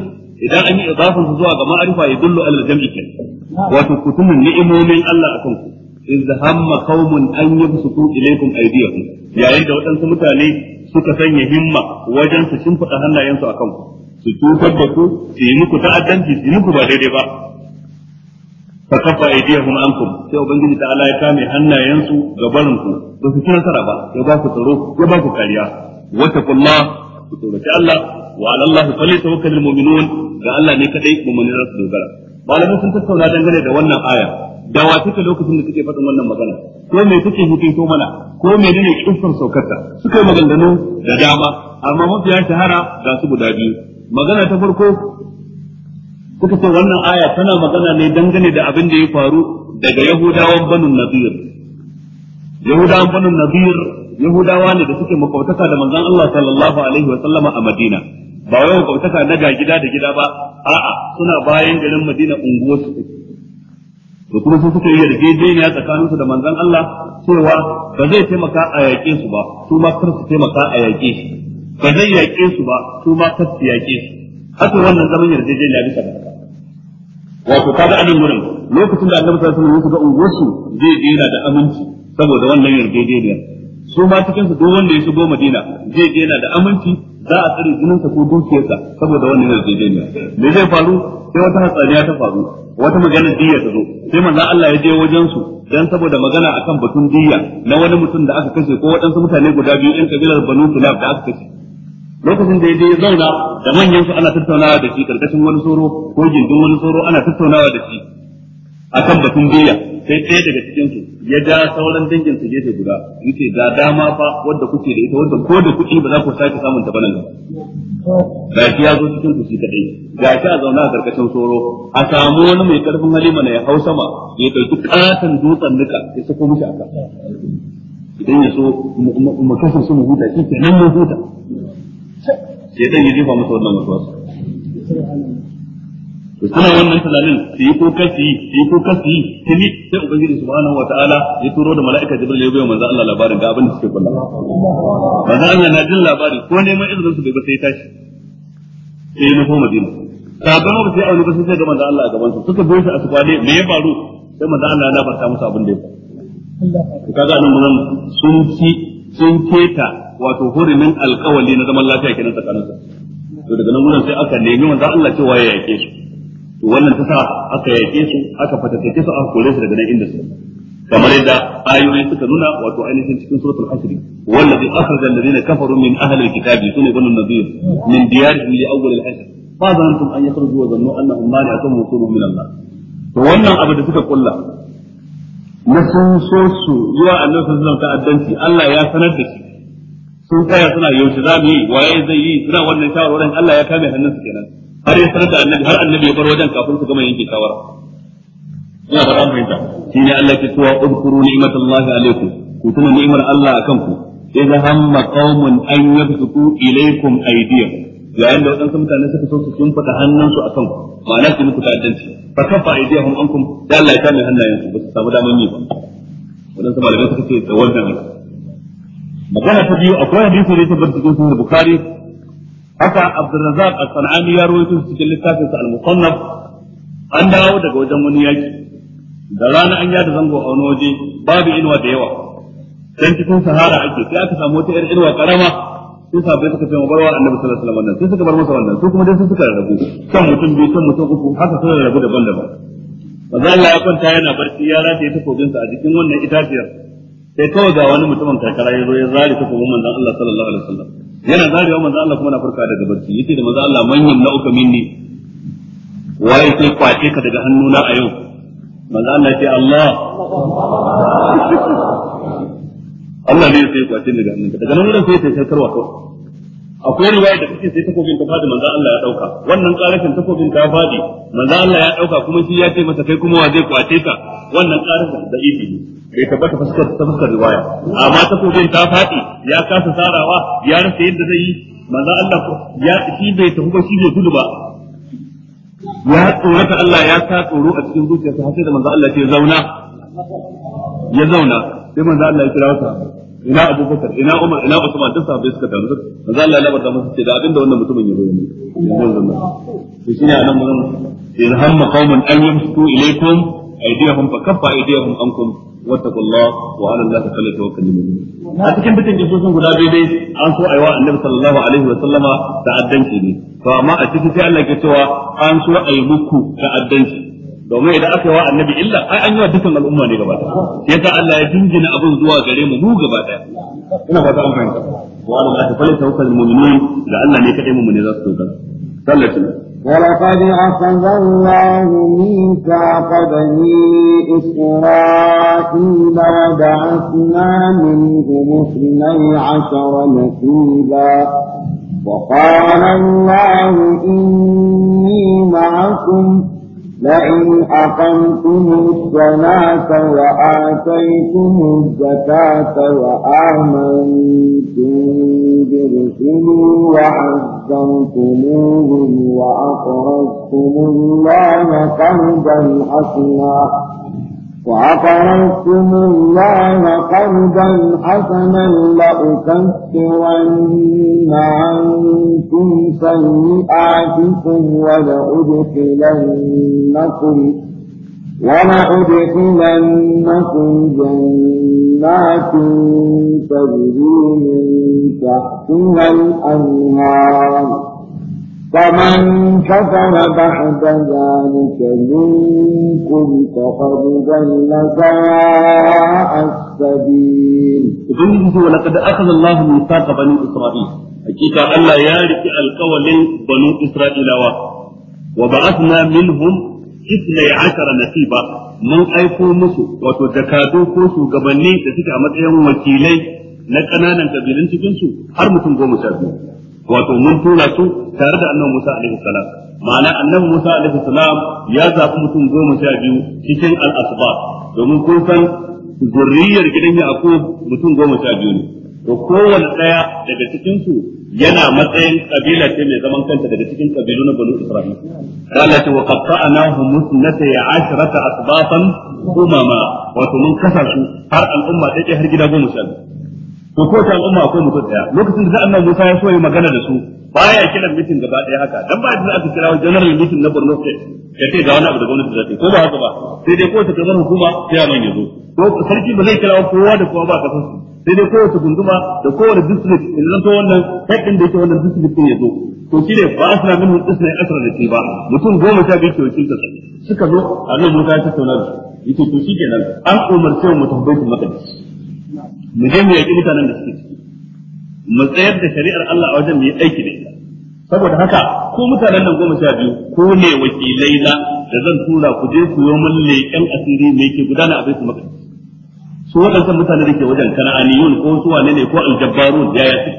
idan an yi idafin zuwa ga ma'rifa ya dullu alal jam'i kin wato ku tuna ni'imomin Allah akan ku إذ هم قوم أن يبسطوا إليكم أيديهم yayin da waɗansu mutane suka sanya himma wajen su shimfiɗa hannayensu a kanku su tutar da ku su yi muku ta'addanci su yi muku ba daidai ba fa kafa aydiyahum ankum sai ubangiji ta Allah ya kame hannayensu ga barin ku ba su ci nasara ba ya ba ku tsaro ya ba ku kariya wa taqullah ku tsoraci Allah wa ala Allah falyatawakkalul mu'minun ga Allah ne kadai mu'minin su dogara malamin sun tattauna dangane da wannan aya da wa lokacin da kike faɗin wannan magana ko me suke hukunto mana ko ne kissar saukarta suka yi maganganu da dama amma mafiya shahara ga su guda biyu magana ta farko kuka ce wannan aya tana magana ne dangane da abin da ya faru daga yahudawan banun nadir yahudawan banun nadir yahudawa ne da suke makwautaka da manzon Allah sallallahu alaihi wa sallama a Madina ba wai makwautaka na ga gida da gida ba a'a suna bayan garin Madina unguwar su da kuma sun suka yi yarjejeniya tsakaninsu da manzon Allah cewa ba zai taimaka a yaƙe su ba su ma kar su taimaka a yaƙe shi ba zai yaƙe su ba su ma kar su yaƙe su haka wannan zaman yarjejeniya bisa ba wato kaga anan gurin lokacin da annabi sallallahu alaihi wasallam ga unguwarsu zai jera da aminci saboda wannan yarjejeniyar su ma cikin su duk wanda ya shigo Madina zai jera da aminci za a tsare jinin sa ko dukiyarsa saboda wannan yarjejeniya me zai faru sai wata ya ta faru wata magana diyya ta zo sai manzo Allah ya je wajen su dan saboda magana akan batun diyya na wani mutum da aka kashe ko waɗansu mutane guda biyu ɗin kabilar Banu Kilab da aka kashe lokacin da ya zauna da manyan su ana tattaunawa da shi karkashin wani soro ko gindin wani soro ana tattaunawa da shi akan batun biya sai ɗaya daga cikin su ya ga sauran dangin su gefe guda yace ga dama fa wanda kuke da ita wanda ko da kuɗi ba za ku sake samun ta banan ga shi ya zo cikin su shi kadai ga shi a zauna a karkashin soro a samu wani mai karfin halima na ya hau sama ya ɗauki katon dutsen nuka ya sako mishi a idan ya so mu kasance mu huta shi kenan mu huta shedan ya jefa masa wannan mutuwa to suna wannan tunanin su yi ko kasi su yi ko kasi tuni sai ubangiji subhanahu wataala ya turo da mala'ika jibril ya bayyana manzo Allah labarin ga abin da suke kulla manzo Allah na jin labari ko neman izinin su bai ba sai tashi sai ya nufo madina sabon ba sai aure ba sai ga manzo Allah a gaban su suka bai su a sukwane me ya faru sai manzo Allah ya labarta musu abin da ya faru kaga nan mun sun ci sun keta wato hurumin alkawali na zaman lafiya kenan tsakanin su to daga nan gudan sai aka nemi wanda Allah cewa ya yake su to wannan ta sa aka yake su aka fatake su aka kore su daga nan inda su kamar yadda ayoyi suka nuna wato ainihin cikin suratul hasri wallazi akhraja alladhina kafaru min ahli alkitabi sunne banu nadir min diyarihim li awwal alhasr fa zanantum an yakhruju wa zannu annahum mani'atun musulun min Allah to wannan abu da suka kulla na sun so su zuwa annabi sallallahu alaihi ta'addanci Allah ya sanar da shi sun kaya suna yaushe za mu yi waye zai yi suna wannan shawarwarin Allah ya kame hannunsu kenan har ya sanar da annabi har annabi ya bar wajen kafin su gama yanke shawara ina fara fahimta shine Allah ke cewa udkuru ni'matallahi alaikum ku tuna ni'mar Allah akan ku idza hamma qaumun an yabsutu ilaykum aydiyahum yayin da waɗansu mutane suka so su shimfiɗa hannunsu a kan ma'ana su muku ta'addanci fa kafa aidiyahum ankum da Allah ya kame hannayensu ba su samu daman yi ba waɗansu malamai suka ce da wannan magana ta biyu akwai hadisi ne ta bar cikin sunan bukhari haka abdurrazzaq as-sanani ya rawaito cikin littafin sa al-musannaf an dawo daga wajen wani yaki da rana an yada zango a wani waje babu inuwa da yawa dan cikin sahara ake sai aka samu wata yar inuwa karama sai sahabbai suka ce mu barwa annabi sallallahu alaihi wasallam sai suka bar masa wannan su kuma dai suka rabu kan mutum biyu kan mutum uku haka suka rabu daban-daban manzo Allah ya kwanta yana barci ya rataye sa a jikin wannan itaciyar sai kawai ga wani mutumin karkara ya zo ya zari takobin manzon Allah sallallahu alaihi wasallam yana zarewa manzo Allah kuma na farka daga barci yace da manzo Allah minni waye sai kwace ka daga hannuna a yau manzo Allah ya ce Allah Allah ne sai ya kwace ni daga hannunka daga nan wurin sai ya karwa kawai akwai riwaya da kace sai takobin ta fadi manzo Allah ya dauka wannan karashin takobin ta fadi manzo Allah ya dauka kuma shi ya ce masa kai kuma wa zai kwace ka wannan karashin da idi ne bai tabbata fuskar ta fuskar riwaya amma takobin ta fadi ya kasa sarawa ya rasa yadda zai yi manzo Allah ya shi bai tafi ba shi bai gudu ba ya tsorata Allah ya sa tsoro a cikin zuciyarsa har sai da manzo Allah ya zauna ya zauna sai manzo Allah ya kira wasu ina abubakar ina umar ina usman duk sahabbai suka taru manzo Allah ya labarta musu ce da abinda wannan mutumin ya bayyana yanzu zan to shine anan mun in hamma qauman an ilaykum aydiyahum fa kaffa aydiyahum ankum wa ala allahi falyatawakkalul mu'minun a cikin dukkan sun guda biyu dai an so aiwa annabi sallallahu alaihi wa sallama da addanci ne to amma a cikin sai Allah ke cewa an so ayi muku da addanci domin idan aka yi wa annabi illa ai an yi wa dukkan al'umma ne gaba ɗaya sai Allah ya jinjina abin zuwa gare mu mu gaba ɗaya ina ba ta amfani wa Allah fa laysa tawakkal da Allah ne kadai mu ne za su dogara sallatin ولقد أخذ الله ميثاق بني إسرائيل وبعثنا منهم اثني عشر نسيبا وقال الله إني معكم لئن أقمتم الصلاة وآتيتم الزكاة وآمنتم برسلي وعزمتموهم وأقرضتم الله قرضا حسنا وأقرضتم الله قرضا حسنا لأكفرن عنكم سيئاتكم ولأدخلنكم ولأدخلنكم جنات تجري من تحتها الأنهار فمن كفر بعد ذلك منكم فقد ضل سواء السبيل. ابنه ولقد اخذ الله ميثاق بني اسرائيل. حقيقة ألا يارك القول بنو إسرائيل و وبعثنا منهم اثني عشر نسيبا من أيقو مسو وتجكادو كوسو قبني تسيك عمد أيام وكيلي نكنا ننتبه لنسو جنسو حرمكم قوم شاكو wato mun tura su tare da annabi Musa alaihi salam ma'ana annabi Musa alaihi salam ya zafi mutum goma sha biyu cikin alasba domin kun san zurriyar gidan Yaqub mutum goma sha biyu ne to kowanne daya daga cikin su yana matsayin kabila ce mai zaman kanta daga cikin kabilu na Bani Isra'il Allah ce wa qatta'nahu musnata ashrata asbatan umama wato mun kasa su har al'umma take har gida goma sha biyu to ko ta al'umma akwai mutum daya lokacin da annabi Musa ya so yi magana da su baya kiran mitin gaba daya haka dan ba da aka kira general mutum na Borno state ya ce ga wani abu da gwamnati za ta yi ko ba haka ba sai dai kowace kamar hukuma sai a manya zo to sarki ba zai kira kowa da kowa ba kasar su sai dai kowace gunduma da kowace district in zan to wannan hakkin da yake wannan district ya zo to shi ne ba asra min isna asra da shi ba mutum goma sha biyu ke wakilta suka zo a nan Musa ya tattauna da su yake to shi kenan an umarce mu tabbaitu maqdis mu je mu yaƙi mutanen da suke ciki mu tsayar da shari'ar Allah a wajen mu yi aiki da ita saboda haka ko mutanen nan goma sha biyu ko ne wakilai na da zan tura ku je ku yi mun leƙen asiri mai ke gudana a baitul maqdis su waɗansan mutane da ke wajen kana'aniyun ko su wane ne ko aljabbarun ya suke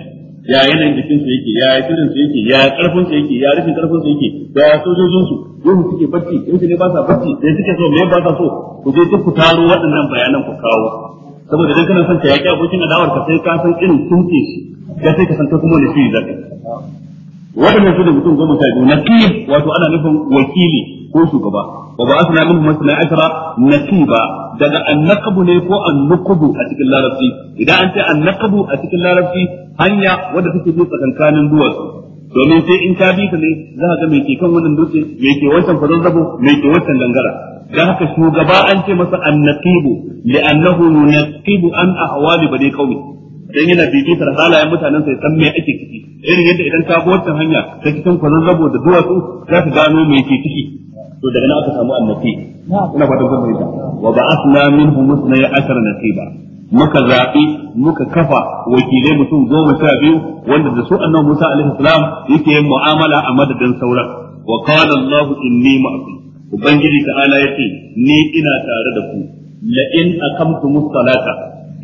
ya yanayin jikin su yake ya shirin su yake ya karfin su yake ya rufin karfin su yake ya sojojin su yin suke bacci yin su ne ba sa bacci da suke so me ba sa so ku je duk ku taro waɗannan bayanan ku kawo saboda idan kana son ka yaki abokin adawar ka sai ka san irin tunke shi ya sai ka san ta kuma ne shi zaka wadannan su da mutum goma sha biyu naqib wato ana nufin wakili ko shugaba wa ba asna minhum Na ashara naqiba daga annaqabu ne ko annuqabu a cikin larabci idan an ce annaqabu a cikin larabci hanya wanda take bi tsakankanin duwatsu domin sai in ka bi ka ne za ka ga mai ke kan wannan dutse mai ke wancan farin rabo mai ke wancan gangara dan haka shugaba an ce masa annaqibu li'annahu yunaqibu an ahwali bani qaumi dan yana bibitar halayen mutanen sai san me ake ciki irin yadda idan ka bi hanya ta cikin kwararrabo da duwatsu za ka gano me ke ciki to daga nan aka samu annabi ina fatan kun fahimta wa ba'athna minhum musnaya ashara nasiba muka zaɓi muka kafa wakilai mutum goma sha biyu wanda da su annabi Musa alaihi salam yake yin mu'amala a madadin sauran wa qala Allah inni ma'akum ubangiji ta'ala yace ni ina tare da ku La'in akamtu aqamtumus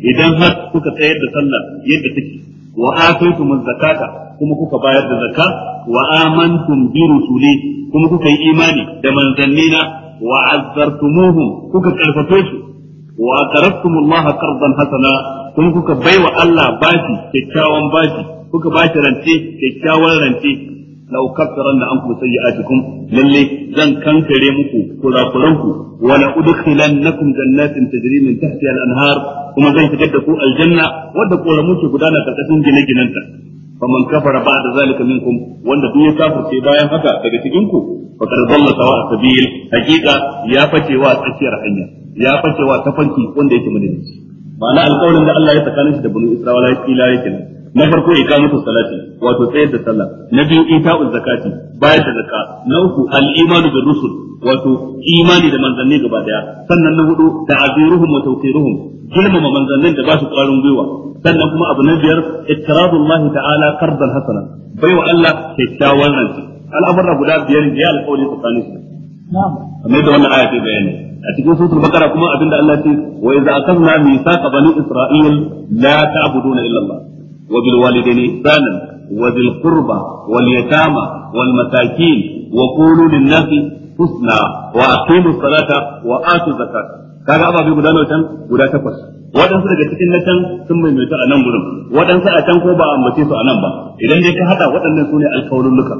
idan har kuka tsayar da sallah yadda take wa ataytumuz zakata kuma kuka bayar da zakka wa amantum bi rusuli kuma kuka yi imani da manzannina wa azzartumuhum kuka karfafe su wa aqrabtumullaha qardan hasana kuma kuka baiwa Allah bashi kyakkyawan bashi kuka bashi rance kyakkyawan rance لو كفرن عنكم سيئاتكم للي زن كنكري مكو كلا كلنكو ولا أدخلنكم جنات تجري من تحتها الأنهار وما زن تجدكو الجنة ودكو لموت قدانا تلتسون جنة جننتا فمن كفر بعد ذلك منكم وان دو يكافر في بايا حكا تجتكينكو فقد ضل سواء السبيل حقيقة يا فتي واسأسير حنيا يا فتي واسفنكي وان ديت من الناس معنى القول ان الله يتكالنش دبنو إسرائيل يكي لا يكي na farko iqamatu salati wato tsayar da sallah na biyu ita zakati bayar da zakka na uku al da rusul wato imani da manzanni gaba daya sannan na hudu ta'ziruhum wa tawqiruhum girmama manzannin da ba su karin gwiwa sannan kuma abu na biyar ittiradullahi ta'ala qardan hasana baiwa Allah kyakkyawan ranci al'amuran guda biyar ne ya alƙawari tsakanin su kamar da wannan aya ta bayani a cikin suratul baqara kuma abinda Allah ya ce wa idza akhadna mithaqa bani isra'il la ta'buduna illa Allah وذي الوالدين إحسانا وذي القربى واليتامى والمساكين وقولوا للناس حسنا وأقيموا الصلاة وآتوا الزكاة kaga ababe guda nawa can guda takwas waɗansu daga cikin na can sun maimaita a nan gudun. waɗansu a can ko ba a ambace su a nan ba idan dai ka haɗa waɗannan su ne alkawalulluka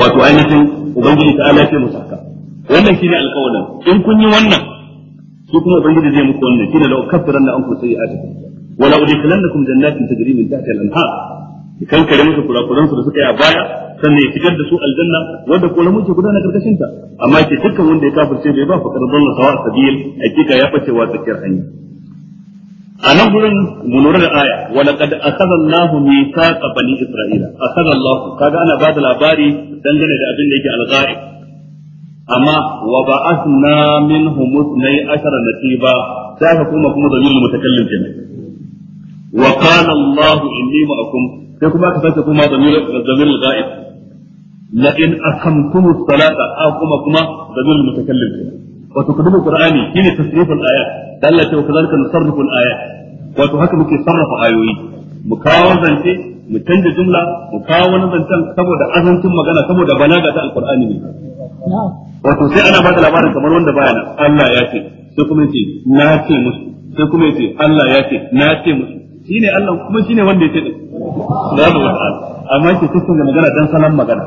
wato ainihin ubangiji ta ala ce musu haka wannan ne alkawalin in kun yi wannan shi kuma ubangiji zai muku wannan shine la wala udkhilannakum jannatin tajri min tahtiha al-anhar kan kare musu kurakuran su da suka yi a baya sannan ya fitar da su aljanna wanda kola muke gudana karkashin ta amma ke dukkan wanda ya kafirce bai ba fa karban sawa sabil hakika ya fice tsakiyar hanya a nan gurin mu lura aya wa laqad akhadha Allahu mithaqa bani Isra'ila akhadha Allahu kaga ana bada labari dangane da abin da yake al-ghaib amma wa ba'athna minhum 12 nasiba sai ka kuma kuma zalil mutakallim kenan wa qala Allah inni ma'akum sai kuma ka sake kuma zamir zamir al-ghaib la in aqamtum as kuma kuma zamir al-mutakallim wato kudin qur'ani shine tasrif al-ayat Allah ta kazalika nusarrifu al-ayat wato haka muke sarrafa ayoyi mu kawo zance mu canja jumla mu kawo wani zancen saboda azancin magana saboda balaga ta alqur'ani ne wato sai ana ba da labarin kamar wanda baya Allah ya ce sai kuma ya ce na ce musu shine Allah kuma shine wanda ya ce din subhanahu wa ta'ala amma ke kusa da magana dan salan magana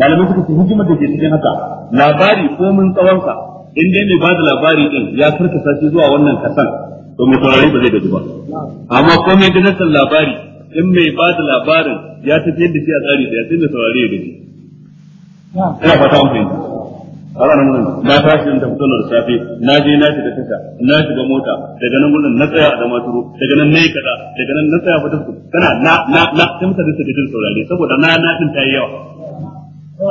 malamai suka ce hikimar da ke cikin haka labari ko mun tsawon sa in dai mai da labari din ya karkasa shi zuwa wannan kasan to mai saurari ba zai gaji ba amma ko mai ganin labari in mai ba da labarin ya tafi da shi a tsari da ya sai mai saurari ya gaji ina fata an ana nan na tashi in tafi sallar safe na je na shiga tasha na shiga mota daga nan gurin na tsaya a dama turu daga nan na yi kaza daga nan na tsaya fata kana na na na sai mutane su jin saurare saboda na na ta yi yawa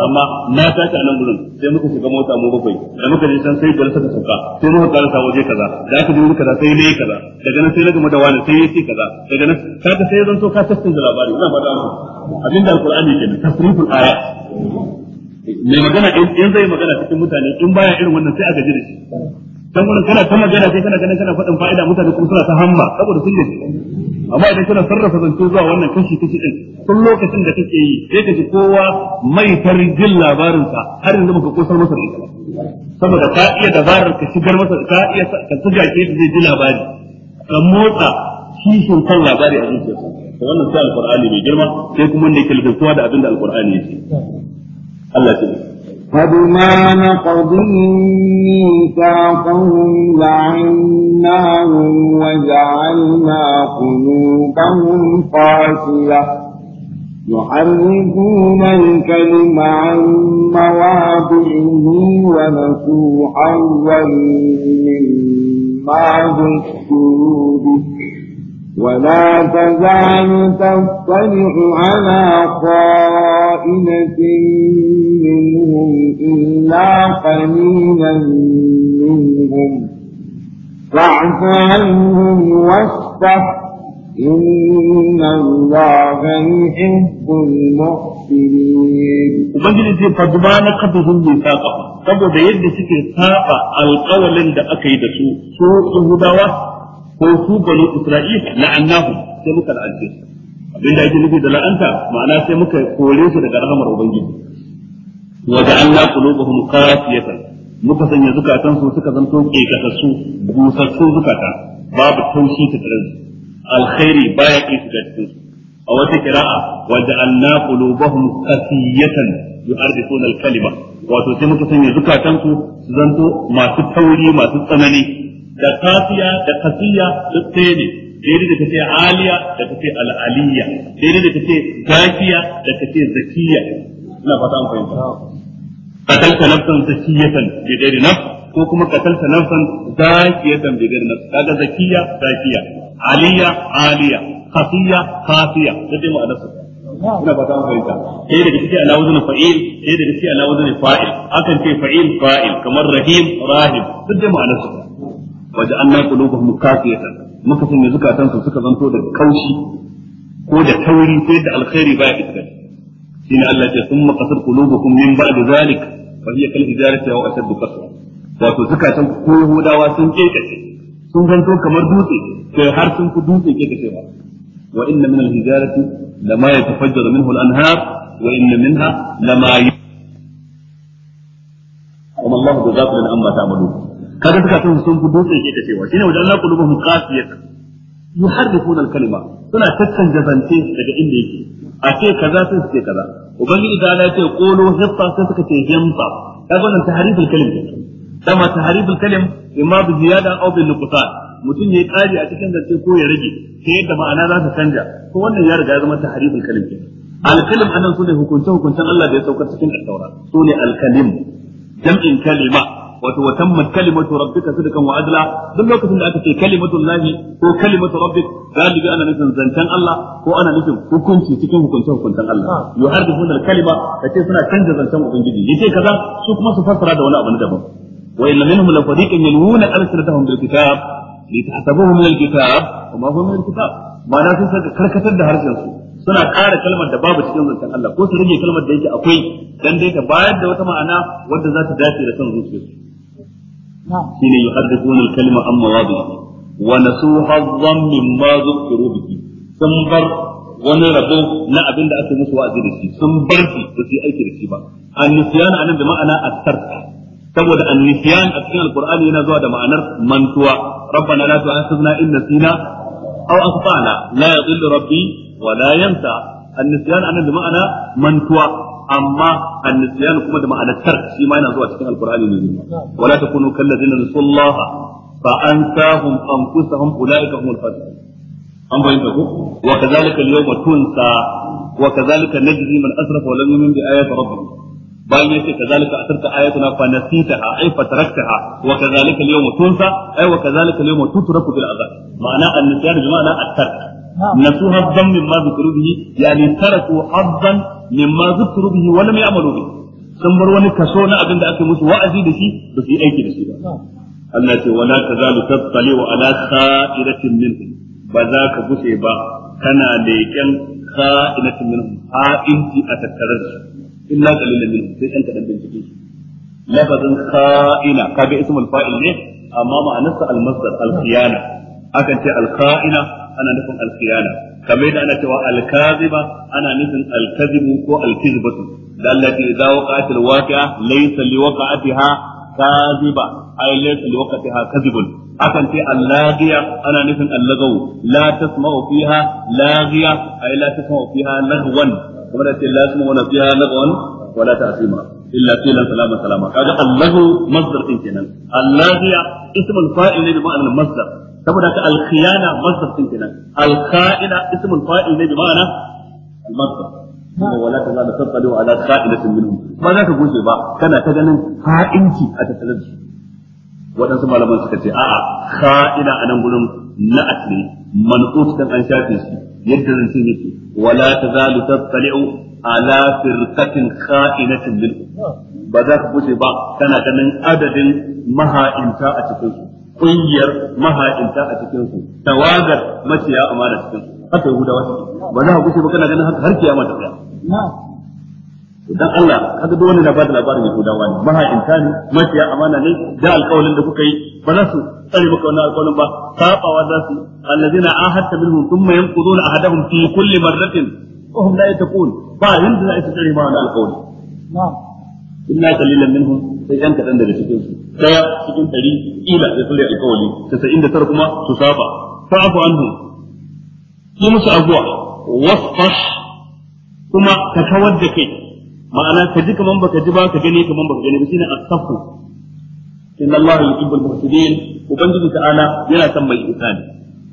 amma na tashi a nan gurin sai muka shiga mota mu bakwai da muka je can sai bar saka sauka sai muka ƙara sa waje kaza da aka je wuri kaza sai na yi kaza daga nan sai na gama da wani sai ya yace kaza daga nan kaga sai zan so ka tafsir da labari ina ba da abinda alqur'ani ke tasriful ayat mai magana in zai magana cikin mutane in baya irin wannan sai a gaji da shi dan gurin kana ta magana sai kana ganin kana faɗin fa'ida mutane kuma suna ta hamma saboda sun gaji amma idan kana sarrafa zance zuwa wannan kashi kashi din tun lokacin da kake yi sai ka kowa mai farjin labarinsa har yanzu baka kosar masa da saboda ka iya dabarar ka shigar masa ka iya ka tuga ke zai ji labari ka motsa kishin kan labari a zuciyarsa wannan sai alqur'ani mai girma sai kuma wanda yake da abinda alqur'ani yake Allah ya فبما نقضهم ميثاقهم لعناهم وجعلنا قلوبهم قاسية يحرفون الكلم عن مواضعه ونسوا حظا مما ذكروا به ولا تزال تطلع على خائنة منهم إلا قليلا منهم فاعف عنهم واصفح إن الله يحب المحسنين وبنجد فضمان قبهم ميثاقهم saboda yadda suke saba ko su bani isra'il la'annahu sai muka la'ance su abinda ake nufi da la'anta ma'ana sai muka kore su daga rahamar ubangiji wa ja'alna qulubuhum qasiyatan muka sanya zukatan su suka zanto kekasassu busassun zukata babu taushi ta tare alkhairi baya ke shiga cikin su a wata kira'a wa ja'alna qulubuhum qasiyatan yu'arrifuna al-kalima wato sai muka sanya zukatan su zanto masu tauri masu tsanani da kafiya da kasiya duk sai ne daidai da kace aliya da kace al'aliya daidai da kace zakiya da kace zakiya ina fata an fahimta qatalta nafsan zakiyatan daidai ghairi nafs ko kuma qatalta nafsan zakiyatan bi ghairi nafs kaga zakiya zakiya aliya aliya khasiya khafiya dai mu adasu ina fata an fahimta sai daga cikin ala wazn fa'il sai daga cikin ala wazn fa'il akan ce fa'il fa'il kamar rahim rahim duk dai mu adasu waja'alna qulubahum qasiyatan muka sanya zukatan su suka zanto da kaushi ko da tauri sai da alkhairi baya iska shine Allah ya summa qasar qulubukum min ba'd zalik fa hiya kal hijarati aw ashaddu qasra wato zukatan ko hudawa sun kekace sun zanto kamar dutse sai har sun ku dutse kekacewa wa inna min al hijarati lama yatafajjaru minhu al anhar wa inna minha lama yatafajjaru Allah bi ghafilin amma ta'malun kaga suka san sun fi dutse ke kacewa shine wajen Allah qulubuhum qasiyatan yuharrifuna al-kalima suna tattan jazance daga inda yake a ce kaza sun suke kaza ubangiji da Allah ya ce qulu hifa sai suka ce himfa kaga wannan tahrif al-kalim Sama tahrif al-kalim imma bi ziyada aw bi nuqsan mutum ya kare a cikin zance ko ya rage sai yadda ma'ana za ta canja ko wannan ya riga ya zama tahrif al-kalim al-kalim anan sune hukunce hukuncen Allah da ya saukar cikin at-taura sune al-kalim jam'in kalima wato wa tammat kalimatu rabbika sidqan wa adla duk lokacin da aka ce kalimatu llahi ko kalimatu rabbik galibi ana nufin zancen Allah ko ana nufin hukunci cikin hukunce hukuncen Allah ah. yuharrifuna al-kalima kace suna canza zancen ubangiji yace kaza su kuma su fassara da wani abu na daban wa inna minhum la fariqan yalwuna alsinatahum bil kitab litahsabuhu min al-kitab wa ma huwa min al-kitab ma'ana sun karkatar da harshen su suna ƙara kalmar da babu cikin zancen Allah ko su rage kalmar da yake akwai dan dai ta bayar da wata ma'ana wadda za ta dace da san zuciyarsu shine yuhaddithuna al-kalima an mawadi wa nasu hazzan mimma zukiru bihi sun bar wani rabo na abin da aka musu wa'azi da shi sun bar shi ba su aiki da shi ba an-nisyan anan da ma'ana at saboda an-nisyan a cikin alqur'ani yana zuwa da ma'anar mantuwa rabbana la tu'akhidhna in nasina aw akhtana la yadhillu rabbi wa la yansa an-nisyan anan da ma'ana mantuwa amma annisyan kuma da ma'anar tar shi ma yana zuwa cikin alqur'ani ne wala takunu kallazina nasullaha fa ansahum anfusahum ulaika humul fasiqun an bayyana ku wa kadhalika al-yawma tunsa wa kadhalika najzi man asrafa wa lam yu'min bi ayati rabbih bayan yace kadhalika atarka ayatuna fa nasitaha ay fataraktaha wa kadhalika al-yawma tunsa ay wa kadhalika al-yawma tutraku bil azab ma'ana an jama'a bi ma'ana at-tark nasuha dhanbi ma bi qulubihi yani taraku haddan mimma zukuru bihi wa lam ya'malu bihi sun bar wani kaso na abin da aka musu wa'azi da shi ba su yi aiki da shi ba Allah ce wala tazalu wa ala kha'iratin minhum ba za ka gushe ba kana leƙen kha'inatin ha ha'inci a tattarar da illa qalilan minhum sai an kadan bincike shi lafazin ka kaga ismul fa'il ne amma ma'anarsa al-masdar al-khiyana akan ce al-kha'ina ana nufin al-khiyana kamar yadda ana cewa alkaziba ana nufin alkazibu ko alkizbatu da Allah ke idza waqa'at alwaqi'a laysa liwaqa'atiha kaziba ay laysa liwaqa'atiha kazibun akan ce allagiya ana nufin allagaw la tasma'u fiha lagiya ay la tasma'u fiha lagwan kamar da ce la tasma'u fiha lagwan wala ta'sima إلا قيلا سلاما سلاما هذا الله مصدر إن كان اللاغية ne الفاعل بمعنى المصدر saboda ka alkhiyana khiyana masdar din kenan al-kha'ina ismul fa'il ne bi ma'ana al-masdar kuma wala ta zala tattalu ala kha'inatin minhum ba za ka gushe ba kana ta ganin ha'inci a tattalin su waɗansu malaman suka ce a'a kha'ina a nan gurin na'at ne manqut dan an shafe shi yadda zan zancin yake wala ta zala tattalu ala firqatin kha'inatin minhum ba za ka gushe ba kana ganin adadin maha'inta a cikin su kungiyar maha'inta a cikinsu. su tawagar maciya amana cikin su haka yahudawa suke ba za ku ce ba kana ganin haka har kiyama ta tsaya Idan Allah kaga duk wanda na bada labarin ya yahudawa ne maha'inta ne maciya amana ne da alƙawalin da kuka yi ba za su tsare maka wannan alƙawalin ba sabawa za su allazina ahadta minhum thumma yanquduna ahadahum fi kulli marratin wa hum la yattaqun ba yanda za su tsare ma wannan alƙawari na'am inna qalilan minhum sai yan kaɗan daga cikin su daya cikin ɗari kila sai sun alkawali tasa'in da tara kuma su saba fa'afu ki musu abuwa wasfash kuma ka kawar da kai ma'ana ka ji kaman baka ji ba ka gani kaman baka gani ba shine asafu inna Allah yuhibbul muhsinin ubangiji ta'ala yana son mai ihsani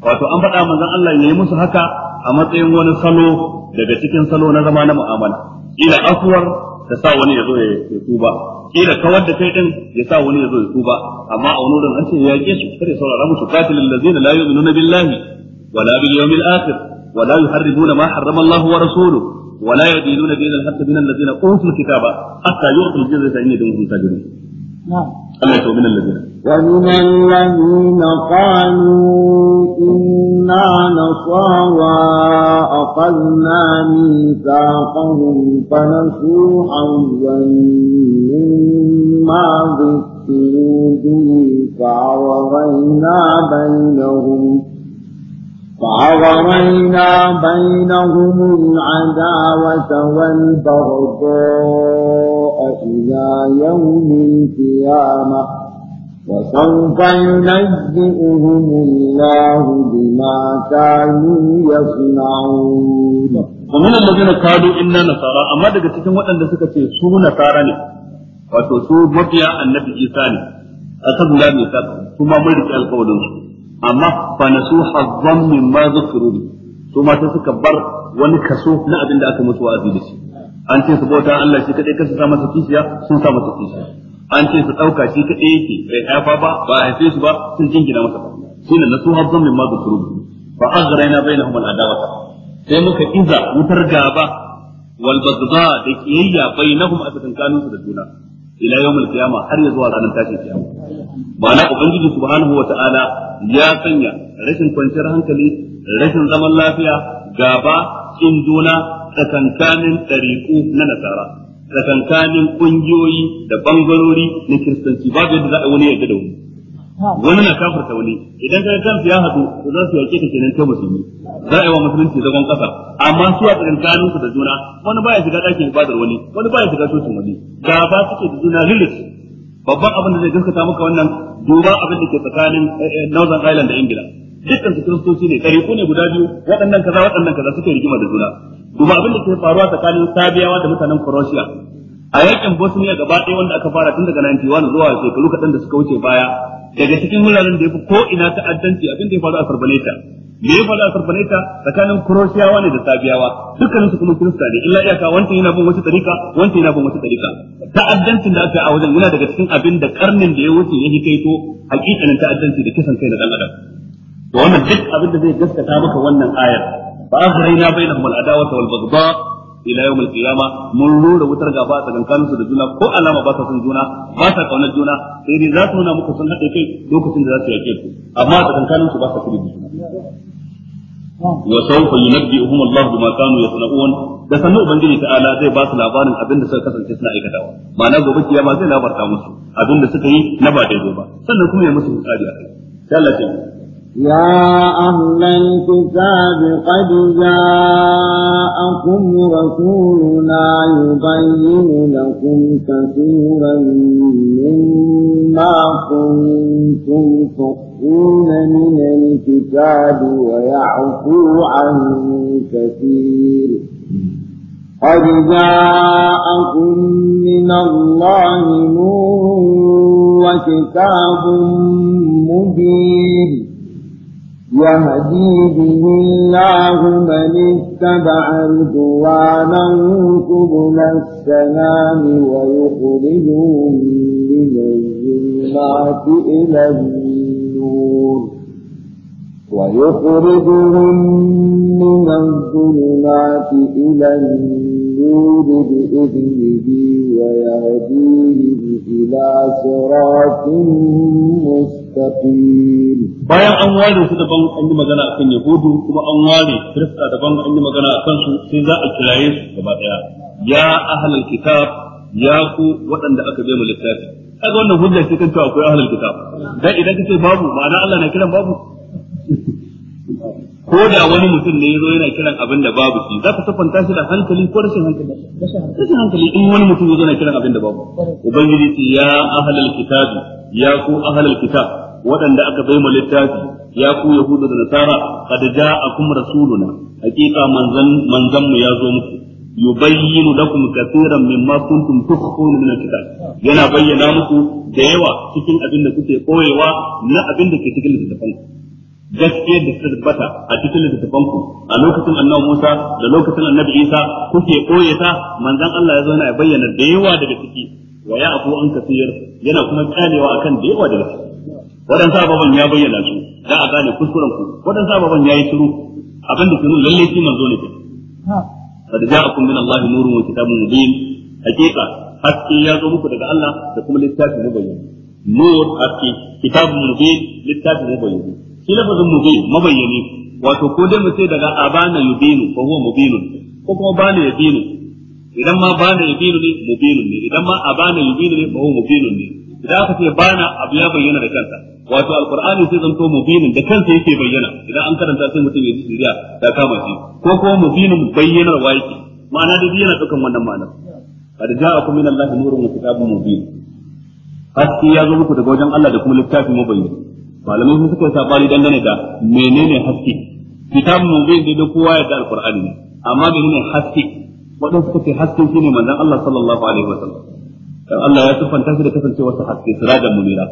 wato an faɗa manzon Allah yi musu haka a matsayin wani salo daga cikin salo na zama na mu'amala ila aswar ta sa wani ya zo ya tuba kila kawar da kai din ya sa wani ya zo ya tuba amma a wani wurin an ce ya ke su kare saurara musu qatilul ladzina la yu'minuna billahi wala bil yawmil akhir wala yuharribuna ma harrama Allah wa rasuluhu ولا يدينون دين الحق من الذين اوتوا الكتاب حتى يعطوا الجزيه عن يد وهم ساجدون. نعم. من الذين ومن الذين قالوا إنا نصارى أخذنا ميثاقهم فنسوا حظا من مما ذكروا به فعرضنا بينهم فعرضنا بينهم العداوة والبغضاء إلى يوم القيامة وسوف ينبئهم الله بما كانوا يصنعون ومن الذين قالوا إنا نصارى أما دقتكم وأن سكتي سو نصارى wato su mafiya annabi isa ne mai saka Su ma mai rike alƙawarin su amma fa su hazzan min ma zukiru su ma sai suka bar wani kaso na abin da aka mutu wa'azi da shi an ce su bauta Allah shi kadai kansu sa masa kishiya sun sa masa kishiya an ce su dauka shi kadai yake bai haifa ba ba a haife su ba sun jingina masa ba. na su hazzan min ma zukiru fa aghrayna bainahum al-adawa sai muka iza wutar gaba wal bagdha da kiyayya bainahum a tsakankaninsu da juna ila yawmul qiyama har ya zuwa ranar tashin kiyama ma'ana ubangiji subhanahu wata'ala ya sanya rashin kwanciyar hankali rashin zaman lafiya gaba kin juna tsakankanin ɗariƙu na nasara tsakankanin ƙungiyoyi da bangarori na kiristanci babu yadda za a wani yadda da wani wani na kafirta wani idan kai kansu ya haɗu to za su yake ka kenan ta musulmi za a yi wa musulunci zagon ƙasa amma su a tsakankanin su da juna wani baya shiga ɗakin ibadar wani wani baya shiga cocin wani ba suke da juna lilis babban abin da zai gaskata maka wannan duba abin da ke tsakanin eh, eh, Northern Ireland da Ingila dukkan su kiristoci ne ɗariƙu ne guda biyu waɗannan kaza waɗannan kaza suke rigima da juna duba abin da ke faruwa tsakanin Sabiyawa da mutanen Croatia a yakin bosniya gaba ɗaya wanda aka fara tun daga 91 zuwa shekaru kaɗan da suka wuce baya daga cikin wuraren da ya fi ko ina ta'addanci abin da ya faru a sarbaneta me ya faru a sarbaneta tsakanin kuroshiyawa ne da sabiyawa dukkanin su kuma kirista ne illa iyaka wancan yana bin wata tarika wancan yana bin wata tarika ta'addancin da aka a wajen yana daga cikin abin da karnin da ya wuce ya kai to hakikanin ta'addanci da kisan kai na dan adam to wannan duk abin da zai gaskata maka wannan ayar fa na bainahum al wal ila yawmil qiyama mun rura wutar gaba a tsakankanin su da juna ko alama ba sa son juna ba sa kaunar juna sai dai za su nuna muku sun haɗe kai lokacin da za su yake ku amma a tsakankanin su ba sa kudi wa sawfa yunabbi'uhum Allah bima kanu yasna'un da sanu ubangiji ala zai ba su labarin abin da suka kasance suna aikatawa ma'ana gobe kiyama zai labarta musu abin da suka yi na ba daidai ba sannan kuma ya musu misali a kai يا أهل الكتاب قد جاءكم رسولنا يبين لكم كثيرا مما كنتم تخفون من الكتاب ويعفو عن كثير قد جاءكم من الله نور وكتاب مبين يهدي به الله من اتبع رضوانه سبل السلام ويخرجهم من الظلمات إلى النور ويخرجهم من الظلمات إلى النور النور بإذنه ويهديهم إلى صراط مستقيم bayan an ware su daban an yi magana akan yahudu kuma an ware kirista daban an yi magana akan su sai za a kiraye su gaba daya ya ahlal kitab ya ku waɗanda aka bai mu littafi kaga wannan hujja ce kan cewa akwai ahlul kitab dan idan kace babu ma'ana Allah na kiran babu ko da wani mutum ne yazo yana kiran abin da babu shi za ka tafanta shi da hankali ko rashin hankali rashin hankali in wani mutum yazo yana kiran abin da babu ubangiji ce ya ahlal kitabi ya ku ahlal kitab waɗanda aka bai littafi ya ku yahudu da nasara qad ja'akum rasuluna hakika manzan manzan mu yazo muku yubayyinu lakum katiran mimma kuntum tukhfuna min alkitab yana bayyana muku da yawa cikin abin da kuke koyewa na abin da ke cikin littafin Gaske da suka tabbata a cikin littattafan ku a lokacin annabi Musa da lokacin annabi Isa kuke koye ta manzon Allah ya zo na bayyana da yawa daga ciki wa ya afu an kasiyar yana kuma kalewa akan da yawa daga ciki wadansu ababan ya bayyana su da a gane kuskuren ku wadansu ababan ya yi shiru abin da kinu lalle shi manzo ne kada ja'akum min Allah nurun wa kitabun mubin hakika haske ya zo muku daga Allah da kuma littafin mubayyin nur haske kitabun mubin littafin mubayyin shi lafazin mubin mabayyani wato ko dai mutai ce daga abana yubinu ko huwa mubinun ko kuma bana yubinu idan ma bana yubinu ne mubinun ne idan ma abana yubinu ne ko huwa mubinun ne idan aka ce bana abu ya bayyana da kansa wato alqur'ani sai zanto mubinin da kansa yake bayyana idan an karanta sai mutum ya ji shiriya kama shi ko kuma mubinin bayyanar waiki ma'ana da yana dukan wannan ma'anar qad ja'akum min allahi nurun wa kitabun mubin haske ya zo muku daga wajen Allah da kuma littafin mabayyana malamai sun suka sabani dangane da menene haske kitabun mubin da kowa ya da alqur'ani ne amma menene haske wadanda suka ce haske shine manzon Allah sallallahu alaihi wasallam dan Allah ya siffanta shi da kasancewar sa haske sirajan munira